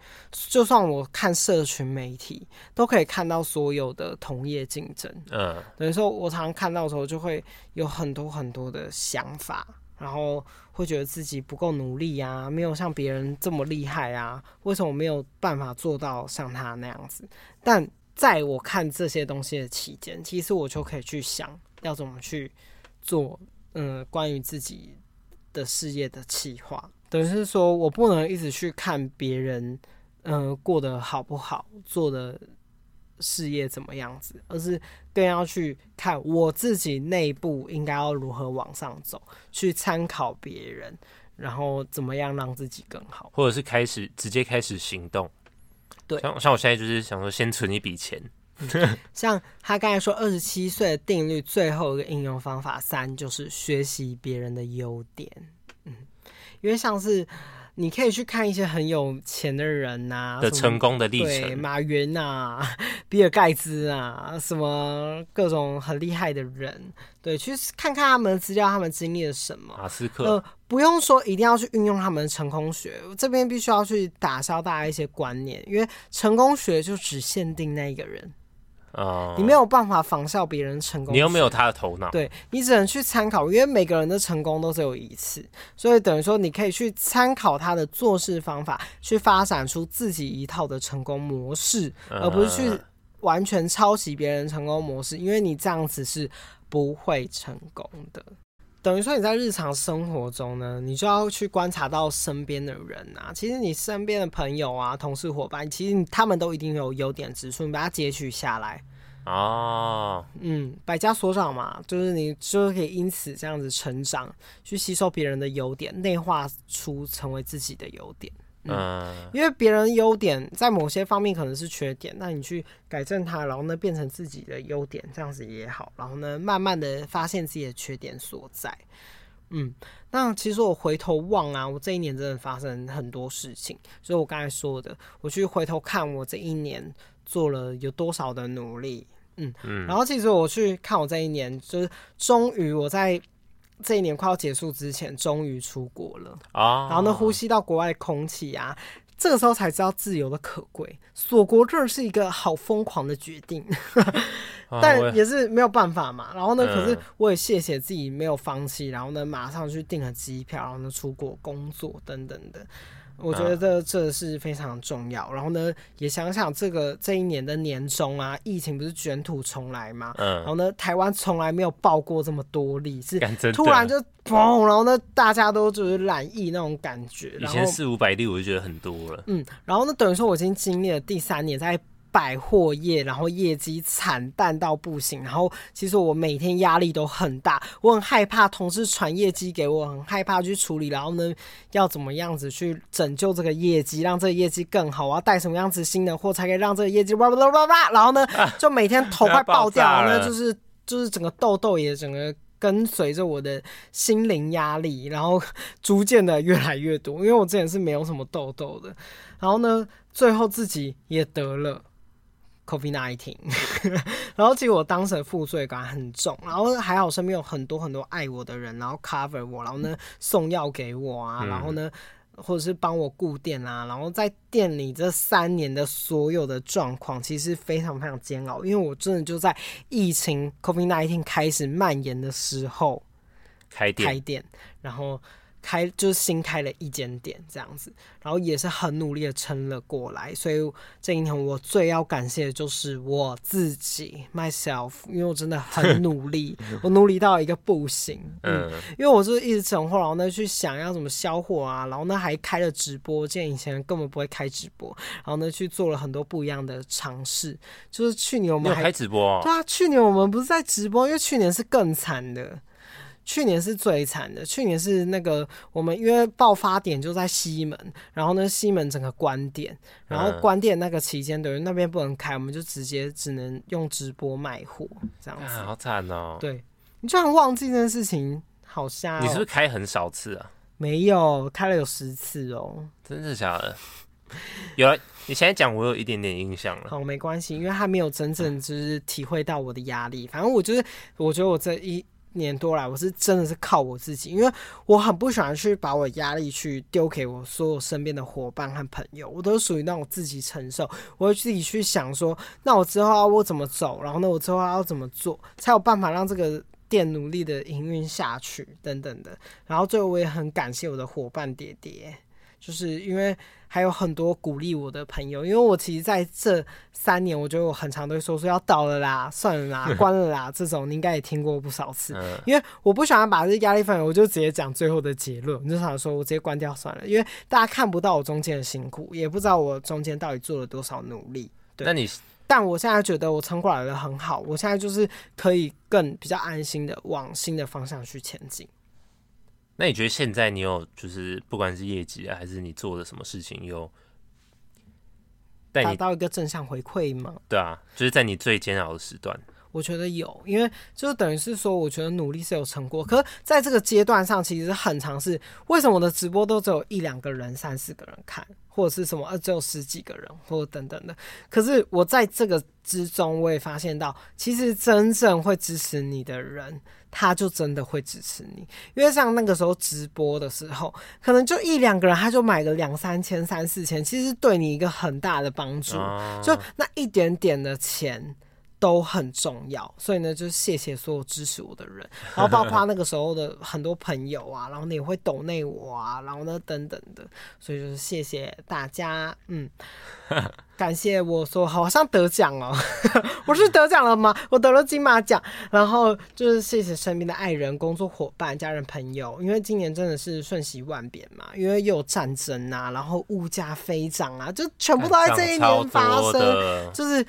就算我看社群媒體，都可以看到所有的同業競爭。嗯，等於說，我常常看到的時候，就會有很多很多的想法。然後會覺得自己不夠努力啊，沒有像別人這麼厲害啊，為什麼沒有辦法做到像他那樣子？但在我看這些東西的期間，其實我就可以去想要怎麼去做，嗯、呃，關於自己的事業的企劃，等於是說我不能一直去看別人，嗯、呃，過得好不好，做的。事業怎麼樣子，而是更要去看我自己內部應該要如何往上走，去參考別人，然後怎麼樣讓自己更好，或者是開始直接開始行動。對，像像我現在就是想說，先存一筆錢。嗯，像他剛才說，二十七歲的定律最後一個應用方法三就是學習別人的優點。嗯，因為像是。你可以去看一些很有錢的人吶、啊，的成功的歷史，馬雲吶、啊，比爾蓋茨啊，什麼各種很厲害的人，對，去看看他們的資料，他們經歷了什麼。馬斯克。呃，不用說一定要去運用他們的成功學，這邊必須要去打消大家一些觀念，因為成功學就只限定那一個人。啊！Oh, 你沒有辦法仿效別人成功，你又沒有他的頭腦，對，你只能去參考，因為每個人的成功都只有一次，所以等於說你可以去參考他的做事方法，去發展出自己一套的成功模式，uh huh. 而不是去完全抄襲別人成功模式，因為你這樣子是不會成功的。等於說你在日常生活中呢，你就要去觀察到身邊的人啊。其實你身邊的朋友啊、同事夥伴，其實他們都一定有優點之處，你把它截取下來。哦，oh. 嗯，百家所長嘛，就是你就可以因此這樣子成長，去吸收別人的優點，內化出成為自己的優點。嗯，因為別人的優點在某些方面可能是缺點，那你去改正它，然後呢，變成自己的優點，這樣子也好。然後呢，慢慢的發現自己的缺點所在。嗯，那其實我回頭望啊，我這一年真的發生很多事情，所以我剛才說的，我去回頭看我這一年做了有多少的努力。嗯嗯，然後其實我去看我這一年，就是終於我在。這一年快要結束之前，終於出國了啊！Oh. 然後呢，呼吸到國外的空氣啊，這個時候才知道自由的可貴。鎖國，這是一個好瘋狂的決定， oh. 但也是沒有辦法嘛。然後呢，oh. 可是我也謝謝自己沒有放棄。Oh. 然後呢，馬上去訂了機票，然後呢，出國工作等等的。我覺得這，啊、這是非常重要。然後呢，也想想這個這一年的年終啊，疫情不是捲土重來嗎？嗯。然後呢，台灣從來沒有爆過這麼多例，是突然就砰！然後呢，大家都就是染疫那種感覺。然後以前四五百例我就覺得很多了。嗯，然後呢，等於說我已經經歷了第三年在百貨業，然後業績慘淡到不行，然後其實我每天壓力都很大，我很害怕同事傳業績給我，我很害怕去處理，然後呢，要怎麼樣子去拯救這個業績，讓這個業績更好？我要帶什麼樣子新的貨才可以讓這個業績？然後呢，就每天頭快爆掉，那、啊、就是就是整個痘痘也整個跟隨着我的心靈壓力，然後逐漸的越來越多，因為我之前是沒有什麼痘痘的，然後呢，最後自己也得了 COVID nineteen， 然後其實我當時的負罪感很重，然後還好身邊有很多很多愛我的人，然後 cover 我，然後呢送藥給我啊，然後呢或者是幫我顧店啊，嗯、然後在店裡這三年的所有的狀況其實非常非常煎熬，因為我真的就在疫情 COVID nineteen 開始蔓延的時候開店，開店，然後。開就是新開了一間店這樣子，然後也是很努力的撐了過來，所以這一年我最要感謝的就是我自己 myself，因為我真的很努力， 我努力到一個不行，嗯，嗯，因為我就是一直存貨，然後呢去想要怎麼銷貨啊，然後呢還開了直播，這以前根本不會開直播，然後呢去做了很多不一樣的嘗試，就是去年我們還開直播、哦，對啊，去年我們不是在直播，因為去年是更慘的。去年是最慘的。去年是那個我們因為爆發點就在西門，然後呢西門整個關店，然後關店那個期間等於那邊不能開，我們就直接只能用直播賣貨這樣子。啊、好慘哦、喔！對你居然忘記這件事情，好像、喔、你是不是開很少次啊？沒有開了有十次哦、喔，真的假的？有啊，你現在講我有一點點印象了。好，沒關係，因為他沒有真正就是體會到我的壓力。反正我就是我覺得我這一。年多來，我是真的是靠我自己，因為我很不喜歡去把我壓力去丟給我所有身邊的夥伴和朋友，我都屬於那種自己承受，我會自己去想說，那我之後、啊、我怎麼走，然後呢，我之後要、啊、怎麼做，才有辦法讓這個店努力的營運下去等等的。然後最後我也很感謝我的夥伴爹爹，就是因為。還有很多鼓勵我的朋友，因為我其實在這三年，我覺得我很常都會說說要倒了啦，算了啦，關了啦 這種，你應該也聽過不少次。因為我不喜歡把這壓力放，我就直接講最後的結論。我就想說，我直接關掉算了，因為大家看不到我中間的辛苦，也不知道我中間到底做了多少努力。對，那你，但我現在覺得我撐過來的很好。我現在就是可以更比較安心的往新的方向去前進。那你覺得現在你有，就是不管是業績啊，還是你做的什麼事情，有達到一個正向回饋嗎？對啊，就是在你最煎熬的時段，我覺得有，因為就等於是說，我覺得努力是有成果。可是在這個階段上，其實很常是為什麼我的直播都只有一兩個人、三四個人看，或者是什麼呃、啊、只有十幾個人，或者等等的。可是我在這個之中，我也發現到，其實真正會支持你的人。他就真的會支持你，因為像那個時候直播的時候，可能就一兩個人，他就買了兩三千、三四千，其實對你一個很大的幫助，啊、就那一點點的錢，都很重要，所以呢，就是謝謝所有支持我的人，然後包括那個時候的很多朋友啊，然後你也會抖內我啊，然後呢等等的，所以就是謝謝大家，嗯， 感謝我說好，好像得獎了喔， 我是得獎了嗎？我得了金馬獎，然後就是謝謝身邊的愛人、工作夥伴、家人、朋友，因為今年真的是瞬息萬變嘛，因為又有戰爭啊，然後物價飛漲啊，就全部都在這一年發生，就是。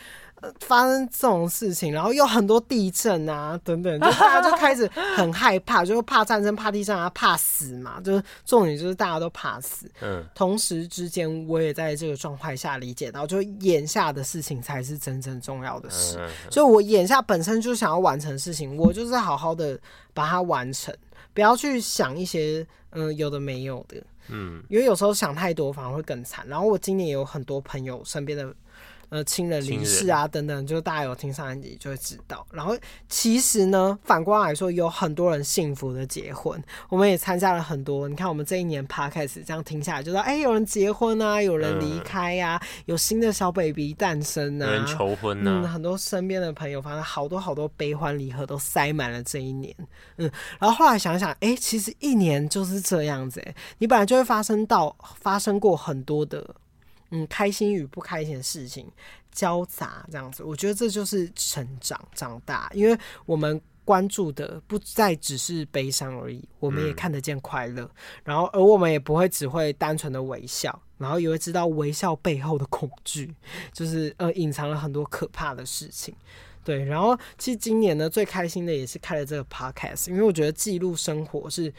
發生這種事情，然後又很多地震啊，等等，就大家就開始很害怕， 就怕戰爭、怕地震啊，怕死嘛，就是重點就是大家都怕死。嗯，同時之間，我也在這個狀況下理解到，就眼下的事情才是真正重要的事。嗯、所以，我眼下本身就想要完成事情，我就是好好的把它完成，不要去想一些嗯、呃、有的沒有的。嗯，因為有時候想太多反而會更慘。然後，我今年也有很多朋友身邊的。呃，親人離世啊，等等，人就是大家有聽上一集就會知道。然後其實呢，反觀來說，有很多人幸福的結婚，我們也參加了很多。你看，我們這一年 podcast 這樣聽下來就知道，就說，哎，有人結婚啊，有人離開呀、啊，嗯、有新的小 baby 誕生啊，有人求婚啊。嗯、很多身邊的朋友，反正好多好多悲歡離合都塞滿了這一年。嗯，然後後來想想，哎、欸，其實一年就是這樣子、欸，哎，你本來就會發生到發生過很多的。嗯，開心與不開心的事情交雜這樣子，我覺得這就是成長長大，因為我們關注的不再只是悲傷而已，我們也看得見快樂，然後而我們也不會只會單純的微笑，然後也會知道微笑背後的恐懼，就是呃隱藏了很多可怕的事情。對，然後其實今年呢，最開心的也是開了這個 podcast，因為我覺得記錄生活是。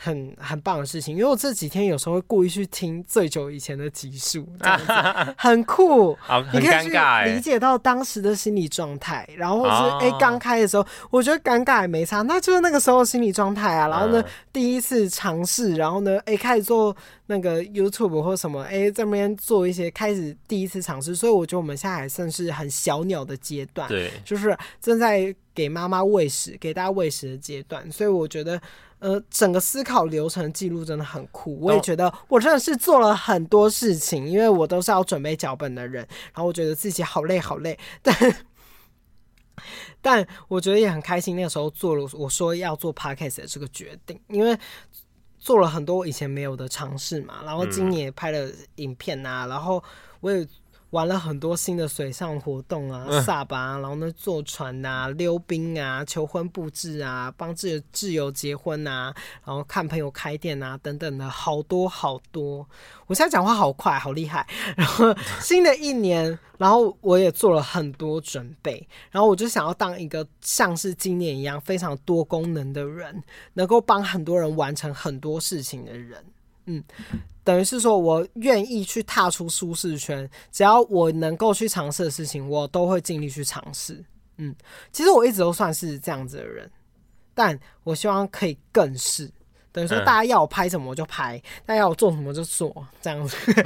很很棒的事情，因為我這幾天有時候會故意去聽最久以前的集數， 很酷。好，很尷尬，你可以去理解到當時的心理狀態，然後是哎、哦、欸、剛開的時候，我覺得尷尬也沒差，那就是那個時候心理狀態啊。然後呢，嗯、第一次嘗試，然後呢，哎、欸、開始做那個 YouTube 或什麼，哎在那邊做一些開始第一次嘗試，所以我覺得我們現在還算是很小鳥的階段，對，就是正在給媽媽餵食、給大家餵食的階段，所以我覺得。呃，整個思考流程記錄真的很酷，我也覺得我真的是做了很多事情，因為我都是要準備腳本的人，然後我覺得自己好累好累，但但我覺得也很開心，那個時候做了我說要做 podcast 的這個決定，因為做了很多我以前沒有的嘗試嘛，然後今年也拍了影片啊，然後我也。玩了很多新的水上活動啊，撒巴、嗯，然後呢，坐船啊，溜冰啊，求婚布置啊，幫自己自由結婚啊，然後看朋友開店啊，等等的好多好多。我現在講話好快，好厲害。然後新的一年，然後我也做了很多準備，然後我就想要當一個像是今年一樣非常多功能的人，能夠幫很多人完成很多事情的人。嗯，等於是說，我願意去踏出舒適圈，只要我能夠去嘗試的事情，我都會盡力去嘗試。嗯，其實我一直都算是這樣子的人，但我希望可以更是，等於說大家要我拍什麼我就拍，嗯、大家要我做什麼就做，這樣子。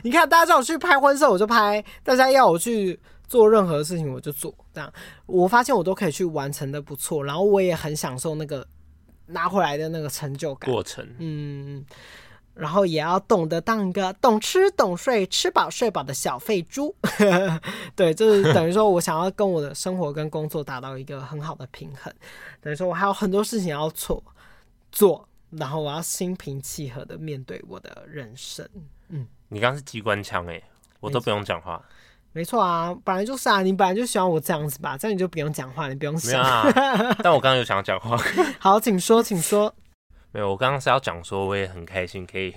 你看，大家叫我去拍婚紗，我就拍，大家要我去做任何事情我就做，這樣我發現我都可以去完成得不錯，然後我也很享受那個。拿回來的那個成就感、過程，嗯，然後也要懂得當一個懂吃懂睡、吃飽睡飽的小肥豬， 對，就是等於說我想要跟我的生活跟工作達到一個很好的平衡，等於說我還有很多事情要做，做，然後我要心平氣和的面對我的人生，嗯，你剛是機關槍哎，我都不用講話。哎沒錯啊，本來就是啊，你本來就喜歡我這樣子吧，這樣你就不用講話，你不用想。沒有啊，但我剛剛就想講話。 好，請說，請說。沒有，我剛剛是要講說，我也很開心可以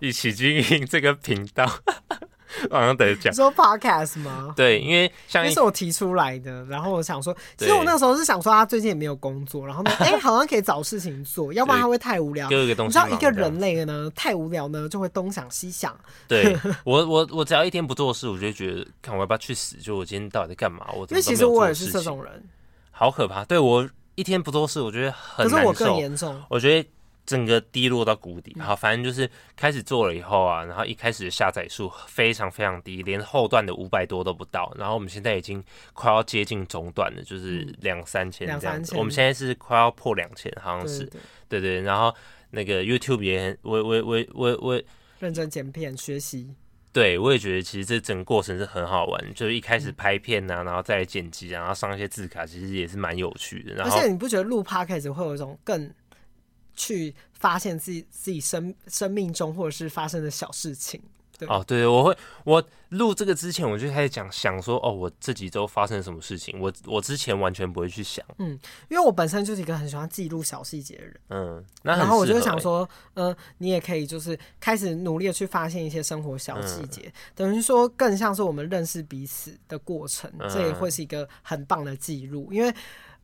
一起經營這個頻道。 好像得講，說 podcast 嗎？對，因為像那是我提出來的，然後我想說，對其實我那時候是想說，他最近也沒有工作，然後呢，哎對、欸，好像可以找事情做， 要不然他會太無聊。各有一個東西，你知道，一個人類的呢太無聊呢，就會東想西想。對，呵呵我我我只要一天不做事，我就覺得看我要不要去死。就我今天到底在幹嘛？我因為其實我也是這種人，好可怕。對，我一天不做事，我覺得很難受。可是我，更嚴重我覺得。整個低落到谷底，好，反正就是開始做了以後啊，然後一開始的下載數非常非常低，連後段的五百多都不到，然後我們現在已經快要接近中段了，就是兩三千這樣子。我們現在是快要破兩千，好像是，對對,對,對,對對。然後那個 YouTube 也很，我我我我我認真剪片學習，對我也覺得其實這整個過程是很好玩，就是一開始拍片吶、啊，然後再剪輯、啊，然後上一些字卡，其實也是蠻有趣的。然後而且你不覺得錄 Podcast 會有一種更？去發現自己自己生生命中或者是發生的小事情，對哦，對，我會我錄這個之前我就開始講，想說哦，我這幾周發生什麼事情，我我之前完全不會去想，嗯，因為我本身就是一個很喜歡記錄小細節的人，嗯，然後我就想說，嗯，你也可以就是開始努力的去發現一些生活小細節，嗯、等於說更像是我們認識彼此的過程，嗯、這也會是一個很棒的記錄，因為。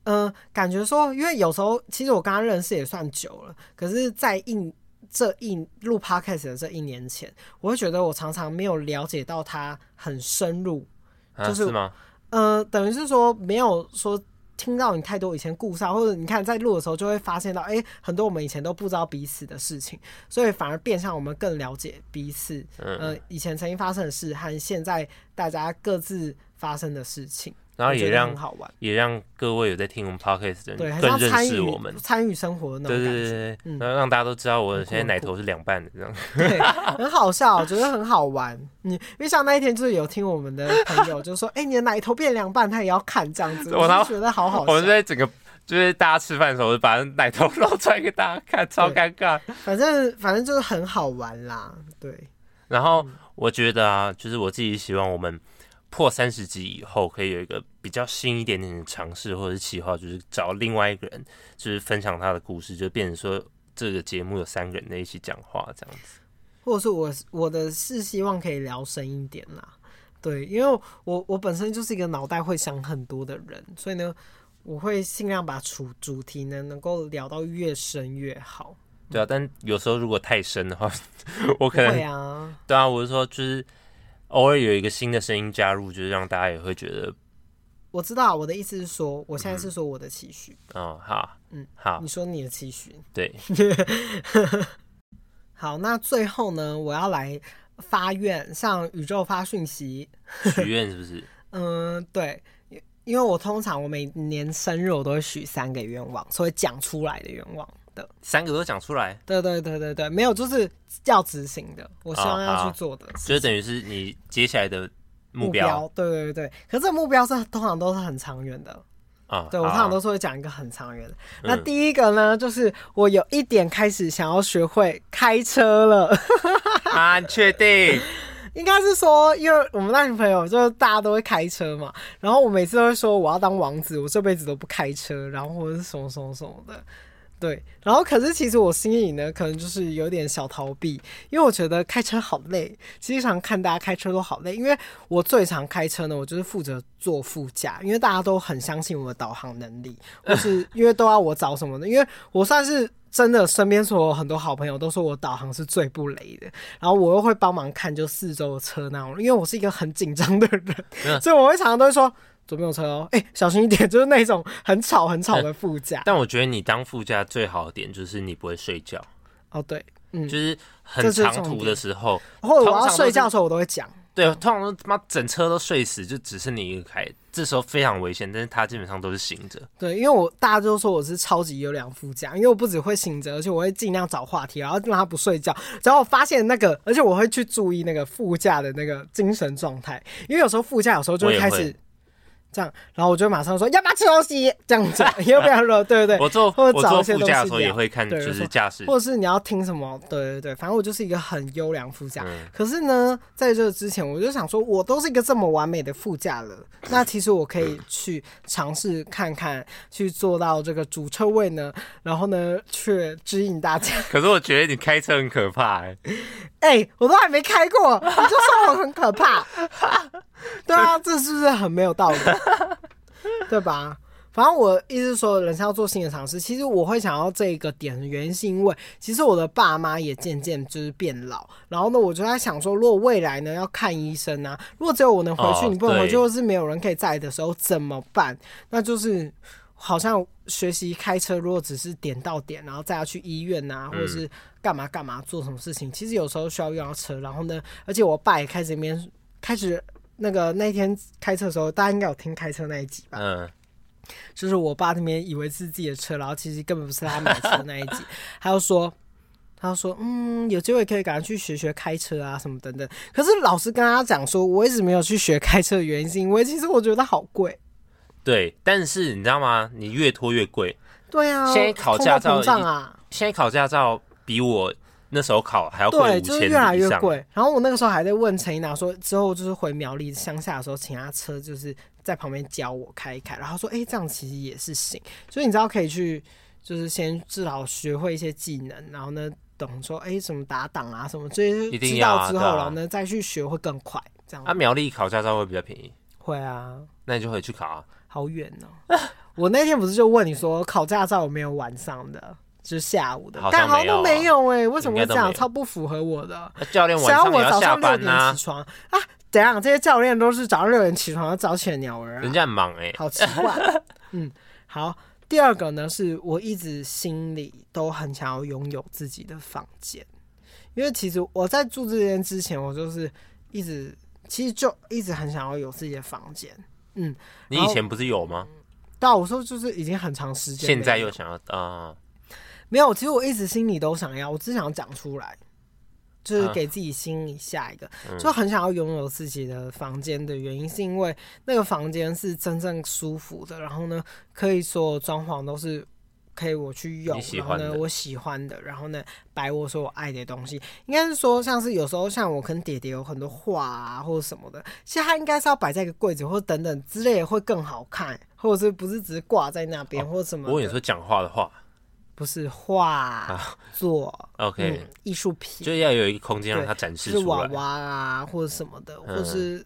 嗯、呃，感覺說，因為有時候其實我剛剛認識也算久了，可是在，在印這一錄 podcast 的這一年前，我會覺得我常常沒有了解到他很深入，啊、就是、是嗎？嗯、呃，等於是說沒有說聽到你太多以前故事，或者你看在錄的時候就會發現到，哎、欸，很多我們以前都不知道彼此的事情，所以反而變相我們更了解彼此。嗯、呃，以前曾經發生的事和現在大家各自發生的事情。然後也讓也讓各位有在聽我們 podcast 的人更認識我們，參與生活的那種對對,對對，嗯、然讓讓大家都知道我現在奶頭是兩半的這樣， 對，很好笑，覺得很好玩。你，因為像那一天就是有聽我們的朋友就是說，哎、 欸，你的奶頭變兩半，他也要看這樣子， 我然後覺得好好笑。我們在整個就是大家吃飯的時候，我就把奶頭露出來給大家看，超尷尬。反正反正就是很好玩啦，對。然後我覺得啊，就是我自己希望我們。破三十集以後，可以有一個比較新一點點的嘗試，或者是企劃，就是找另外一個人，就是分享他的故事，就變成說這個節目有三個人在一起講話這樣子。或者是我我的是希望可以聊深一點啦、啊，對，因為我我本身就是一個腦袋會想很多的人，所以呢，我會儘量把主主題呢能夠聊到越深越好。對啊、嗯，但有時候如果太深的話， 我可能對啊，對啊，我是說就是。偶爾有一個新的聲音加入，就是讓大家也會覺得。我知道我的意思是說，我現在是說我的期許。嗯、哦，好，嗯，好，你說你的期許。對。 好，那最後呢，我要來發願，向宇宙發訊息。許 願是不是？嗯，對，因因為我通常我每年生日我都會許三個願望，所以講出來的願望。三個都講出來，對對對對對，沒有就是要執行的，我希望要去做的，oh, 執行。好，就是，等於是你接下來的目標。目標，對對對，可是這個目標是通常都是很長遠的啊。Oh, 對，我通常都是會講一個很長遠的。Oh, 那第一個呢，嗯、就是我有一點開始想要學會開車了。很確定。應該是說，因為我們那群朋友就是大家都會開車嘛，然後我每次都會說我要當王子，我這輩子都不開車，然後或者是什麼什麼什麼的。對，然後可是其實我心裡呢，可能就是有點小逃避，因為我覺得開車好累，其實常看大家開車都好累。因為我最常開車呢，我就是負責坐副駕，因為大家都很相信我的導航能力，就是因為都要我找什麼的。 因為我算是真的，身邊所有很多好朋友都說我導航是最不累的。然後我又會幫忙看就四周的車那種，因為我是一個很緊張的人， 所以我會常常都會說。準備有車哦、喔，哎、欸，小心一點，就是那種很吵、很吵的副駕。但我覺得你當副駕最好的點就是你不會睡覺。哦，對，嗯，就是很長途的時候，或者我要睡覺的時候，我都會講。對，通常他媽整車都睡死，就只剩你一個開，這時候非常危險。但是他基本上都是醒着。對，因為我大家都說我是超級優良副駕，因為我不只會醒着，而且我會儘量找話題，然後讓他不睡覺。然後我發現那個，而且我會去注意那個副駕的那個精神狀態，因為有時候副駕有時候就會開始會。這樣，然後我就會馬上說要不要吃東西？這樣子要不要？說，對不對？ 我坐做或者找一些東西，也會看就，就是駕駛，或者是你要聽什麼？對對對，反正我就是一個很優良副駕。嗯、可是呢，在這之前，我就想說，我都是一個這麼完美的副駕了，嗯、那其實我可以去嘗試看看，去坐到這個主車位呢，然後呢，去指引大家。可是我覺得你開車很可怕，欸，哎，欸，我都還沒開過，你就說我很可怕？ 對啊，這是不是很沒有道理？ 對吧？反正我意思是說人生要做新的嘗試。其實我會想到這一個點的原因，是因為其實我的爸媽也漸漸就是變老。然後呢，我就在想說，如果未來呢要看醫生啊，如果只有我能回去，哦、你不能回去，對或是沒有人可以在的時候怎麼辦？那就是好像學習開車，如果只是點到點，然後再要去醫院啊，嗯、或者是幹嘛幹嘛做什麼事情，其實有時候需要用到車。然後呢，而且我爸也開始變，開始。那個那天開車的時候，大家應該有聽開車的那一集吧？嗯，就是我爸那邊以為是自己的車，然後其實根本不是他買車的那一集 他。他就說，他就說，嗯，有機會可以趕快去學學開車啊，什麼等等。可是老師跟他講說，我一直沒有去學開車的原因是因為其實我覺得好貴。對，但是你知道嗎？你越拖越貴。對啊，現在考駕照。通脹啊，你現在考駕照比我，那時候考還要貴，對，就是越來越貴。上然後我那個時候還在問陳一娜說，之後就是回苗栗鄉下的時候，請他車就是在旁邊教我開一開。然後說，哎、欸，這樣其實也是行。所以你知道可以去，就是先至少學會一些技能，然後呢，等說，哎、欸，什麼打檔啊，什麼這些知道之後、啊、啊啊然後呢，再去學會更快這樣。啊，苗栗考駕照會比較便宜？會啊，那你就可以去考啊。好遠遠呢、哦， 我那天不是就問你說，考駕照有沒有晚上的。就是下午的，好啊，但好像都沒有哎、欸，為什麼會這樣超不符合我的教練、啊，我想要我早上六點起床啊！等等，這些教練都是早上六點起床，要早起的鳥兒、啊、人家很忙哎、欸，好奇怪。 嗯，好，第二個呢，是我一直心裡都很想要擁有自己的房間，因為其實我在住這邊之前，我就是一直其實就一直很想要有自己的房間。嗯，你以前不是有嗎？但、嗯、我說就是已經很長時間，現在又想要啊。呃沒有，其實我一直心裡都想要，我只想講出來，就是給自己心裡下一個，啊嗯、就很想要擁有自己的房間的原因，是因為那個房間是真正舒服的。然後呢，可以說裝潢都是可以我去用，然後呢我喜歡的，然後呢擺我所我愛的東西，應該是說像是有時候像我跟爹爹有很多畫啊或者什麼的，其實他應該是要擺在一個櫃子或等等之類的，會更好看，或者是不是只是掛在那邊、哦、或什麼？我有時候講話的話。不是畫做，OK，嗯、藝術品就要有一個空間讓它展示出來，是娃娃啊或者什麼的，嗯、或是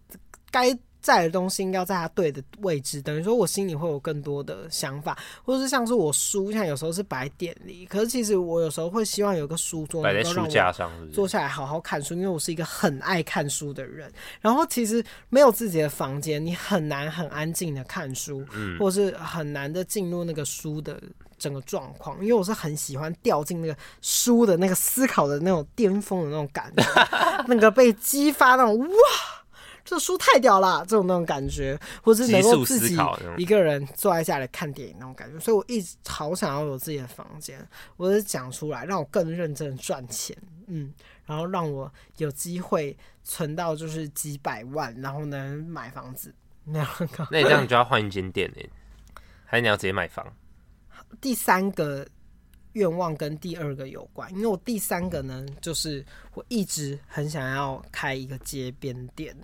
該在的東西應該在它對的位置。等於說我心裡會有更多的想法，或者是像是我書，像有時候是擺店裡，可是其實我有時候會希望有個書桌，擺在書架上，坐下來好好看書，是不是，因為我是一個很愛看書的人。然後其實沒有自己的房間，你很難很安靜的看書，嗯、或者是很難的進入那個書的。整個狀況，因為我是很喜歡掉進那個書的那個思考的那種巔峰的那種感覺， 那個被激發那種哇，這書太屌了！啊，這種那種感覺，或者是能夠自己一個人坐在家裡看電影那種感覺，所以我一直好想要有自己的房間。我是講出來，讓我更認真賺錢。嗯，然後讓我有機會存到就是幾百萬，然後能買房子，那這樣。 那你這樣就要換一間店嘞，還是你要直接買房？第三個願望跟第二個有關，因為我第三個呢，就是我一直很想要開一個街邊店，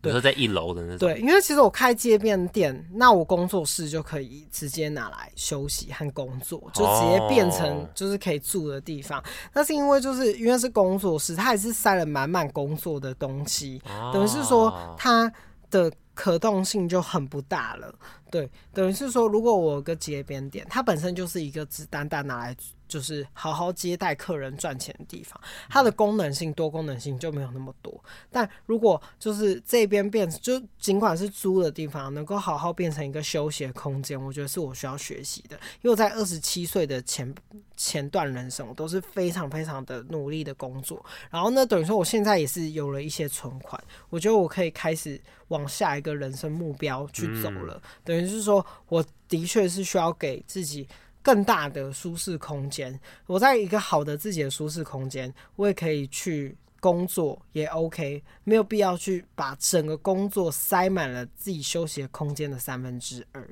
對，你說在一樓的那種。對，因為其實我開街邊店，那我工作室就可以直接拿來休息和工作，就直接變成就是可以住的地方。那、oh. 是因為就是因為是工作室，它也是塞了滿滿工作的東西，oh. 等於是說它的可動性就很不大了。對，等於是說，如果我有個街邊店，它本身就是一個只單單拿來就是好好接待客人賺錢的地方，它的功能性，多功能性就沒有那麼多。但如果就是這邊變，就儘管是租的地方，能夠好好變成一個休閒空間，我覺得是我需要學習的。因為我在二十七歲的前前段人生，我都是非常非常的努力的工作。然後呢，等於說我現在也是有了一些存款，我覺得我可以開始往下一個人生目標去走了。對、嗯。也就是說，我的確是需要給自己更大的舒適空間。我在一個好的自己的舒適空間，我也可以去工作，也 OK，沒有必要去把整個工作塞滿了自己休息的空間的三分之二。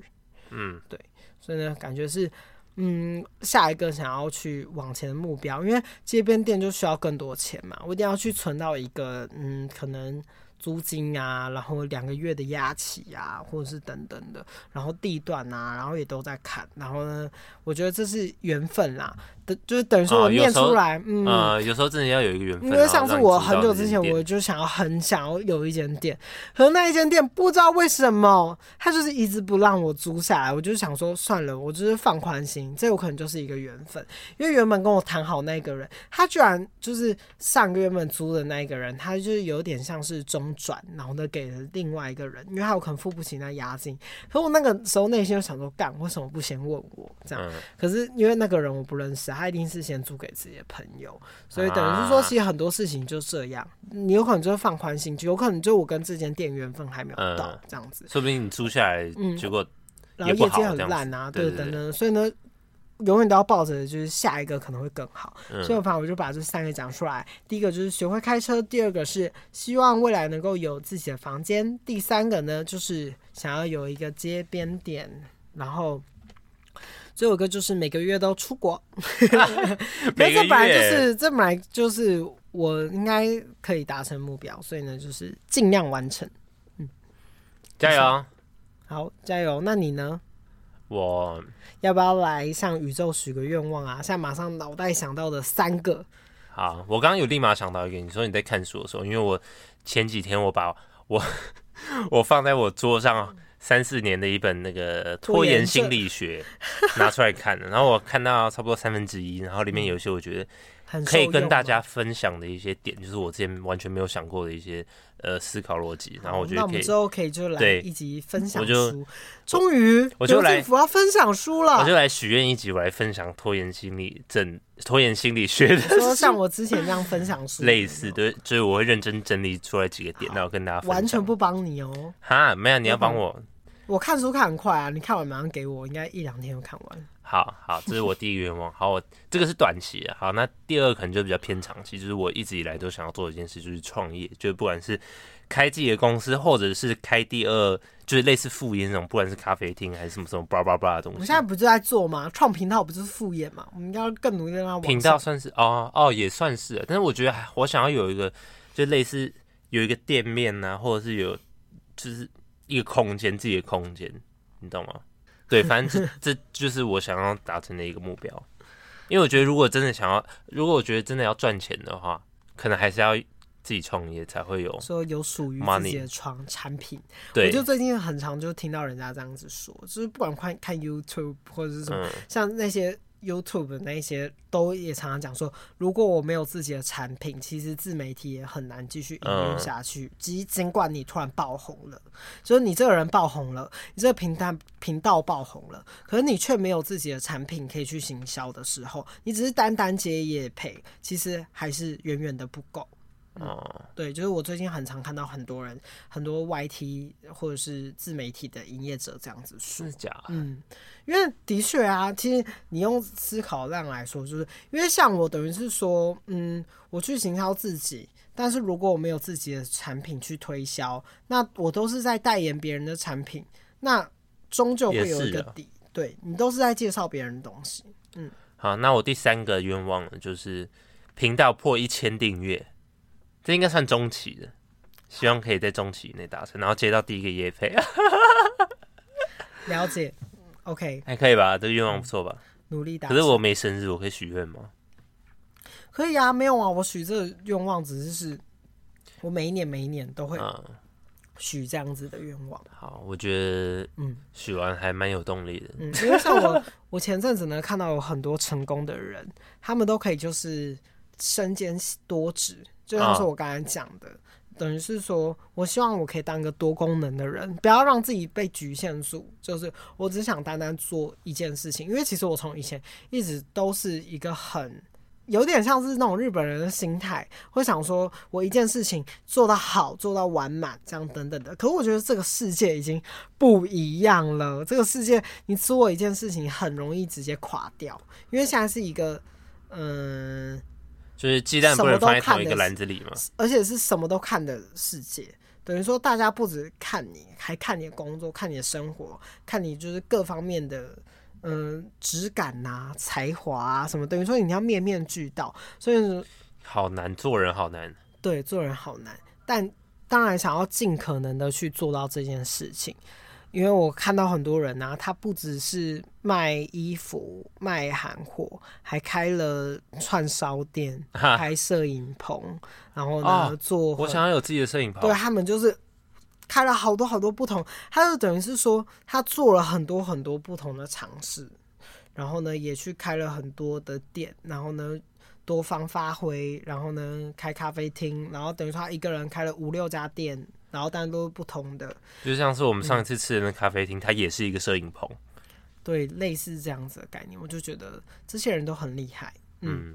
嗯，對，所以呢，感覺是，嗯，下一個想要去往前的目標，因為街邊店就需要更多錢嘛，我一定要去存到一個，嗯，可能。租金啊，然後兩個月的押期啊，或者是等等的，然後地段啊，然後也都在看，然後呢，我覺得這是緣分啦。就等就是等於說我念出來，啊、嗯，呃、啊，有時候真的要有一個緣分。因為上次我很久之前，我就想要很想要有一間店，可那一間店不知道為什麼，他就是一直不讓我租下來。我就是想說算了，我就是放寬心，這有可能就是一個緣分。因為原本跟我談好那個人，他居然就是上個月份租的那個人，他就是有點像是中轉，然後呢給了另外一個人，因為他有可能付不起那押金。可是我那個時候內心就想說，幹，為什麼不先問我這樣？嗯、可是因為那個人我不認識啊。他一定是先租給自己的朋友，所以等於是說，其實很多事情就這樣。啊、你有可能就放寬心，就有可能就我跟這間店緣分還沒有到，這樣子。嗯、說不定你租下來，結果也不好這樣子、嗯、然後業績很爛啊，對對對。對對對，所以呢，永遠都要抱着就是下一個可能會更好。所以，我反正我就把這三個講出來。嗯、第一個就是學會開車，第二個是希望未來能夠有自己的房間，第三個呢就是想要有一個街邊店，然後。這首歌就是每個月都出國， 是就是，每個月，本來就是，這本來就是我應該可以達成目標，所以呢，就是盡量完成，嗯，加油，好，加油。那你呢？我要不要來向宇宙許個願望啊？現在馬上腦袋想到的三個。好，我剛剛有立馬想到一個，你說你在看書的時候，因為我前幾天我把我我，我放在我桌上。三四年的一本那個拖延心理學拿出來看了，然後我看到差不多三分之一，然後裡面有一些我覺得可以跟大家分享的一些點，就是我之前完全沒有想過的一些、呃、思考邏輯。然後我覺得可以之後可以就來一集分享書，終於我就來，我要分享書了，我就來許願一集，我來分享拖延心理整拖延心理學的，像我之前一樣分享書，類似的，就是我會認真整理出來幾個點，然後跟大家分享。完全不幫你哦，哈，沒有，你要幫我。我看書看很快啊，你看完馬上給我，我應該一兩天就看完。好好，這是我第一個願望。 好，我這個是短期的，啊。好，那第二個可能就比較偏長期，就是我一直以來都想要做一件事，就是創業，就是不管是開自己的公司，或者是開第二，就是類似副業那種，不管是咖啡廳還是什麼什麼巴拉巴拉的東西。我現在不就在做嗎？創頻道不是副業嗎？我們要更努力的讓頻道算是哦哦也算是，啊，但是我覺得我想要有一個，就類似有一個店面吶，啊，或者是有就是。一個空間，自己的空間，你懂嗎？對，反正這這就是我想要達成的一個目標。 因為我覺得，如果真的想要，如果我覺得真的要賺錢的話，可能還是要自己創業才會有，說有屬於自己的創產品，對我就最近很常就聽到人家這樣子說，就是不管看看 YouTube 或者是什麼，嗯、像那些。YouTube 那一些都也常常講說，如果我沒有自己的產品，其實自媒體也很難繼續營運下去。Uh. 即儘管你突然爆紅了，就是你這個人爆紅了，你這個平台頻道爆紅了，可是你卻沒有自己的產品可以去行銷的時候，你只是單單接業配，其實還是遠遠的不夠。哦、嗯，對，就是我最近很常看到很多人，很多 YT 或者是自媒體的營業者這樣子說是假的，嗯，因為的確啊，其實你用思考量來說，就是因為像我等於是說，嗯，我去行銷自己，但是如果我沒有自己的產品去推銷，那我都是在代言別人的產品，那終究會有一個底，對，你都是在介紹別人的東西，嗯，好，那我第三個願望呢，就是頻道破一千訂閱。這應該算中期的，希望可以在中期內達成，然後接到第一個業配。 了解，OK，還可以吧？這個願望不錯吧，嗯？努力達成。可是我沒生日，我可以許願嗎？可以啊，沒有啊，我許這個願望，只是是，我每一年每一年都會許這樣子的願望，嗯。好，我覺得，嗯，許完還蠻有動力的，嗯，因為像我，我前陣子呢看到有很多成功的人， 他們都可以就是身兼多職。就是像是我剛才講的，啊、等於是說，我希望我可以當個多功能的人，不要讓自己被局限住。就是我只想單單做一件事情，因為其實我從以前一直都是一個很有點像是那種日本人的心態，會想說，我一件事情做到好，做到完滿，這樣等等的。可是我覺得這個世界已經不一樣了，這個世界你做一件事情很容易直接垮掉，因為現在是一個嗯。就是雞蛋不能放在同一個籃子裡嗎？而且是什麼都看的世界，等於說大家不止看你還看你的工作，看你的生活，看你就是各方面的嗯質感吶、才華啊什麼，等於說你要面面俱到，所以好難做人，好難。好難對，做人好難，但當然想要盡可能的去做到這件事情。因為我看到很多人呢、啊，他不只是賣衣服、賣韓貨，還開了串燒店、開攝影棚，啊、然後呢、啊、做很……我想要有自己的攝影棚。對，他們就是開了好多好多不同，他就等於是說他做了很多很多不同的嘗試，然後呢也去開了很多的店，然後呢多方發揮，然後呢開咖啡廳，然後等於說他一個人開了五六家店。然後但家都不同的，就像是我們上一次吃的那咖啡廳，嗯、它也是一個攝影棚，對，類似這樣子的概念。我就覺得這些人都很厲害，嗯，嗯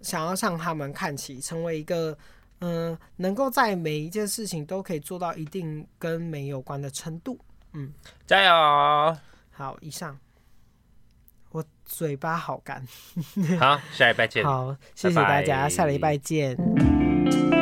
想要向他們看齊，成為一個，嗯、呃，能夠在每一件事情都可以做到一定跟美有關的程度，嗯，加油，好，以上，我嘴巴好乾， 好，下禮拜見，好，謝謝大家，拜拜下禮拜見。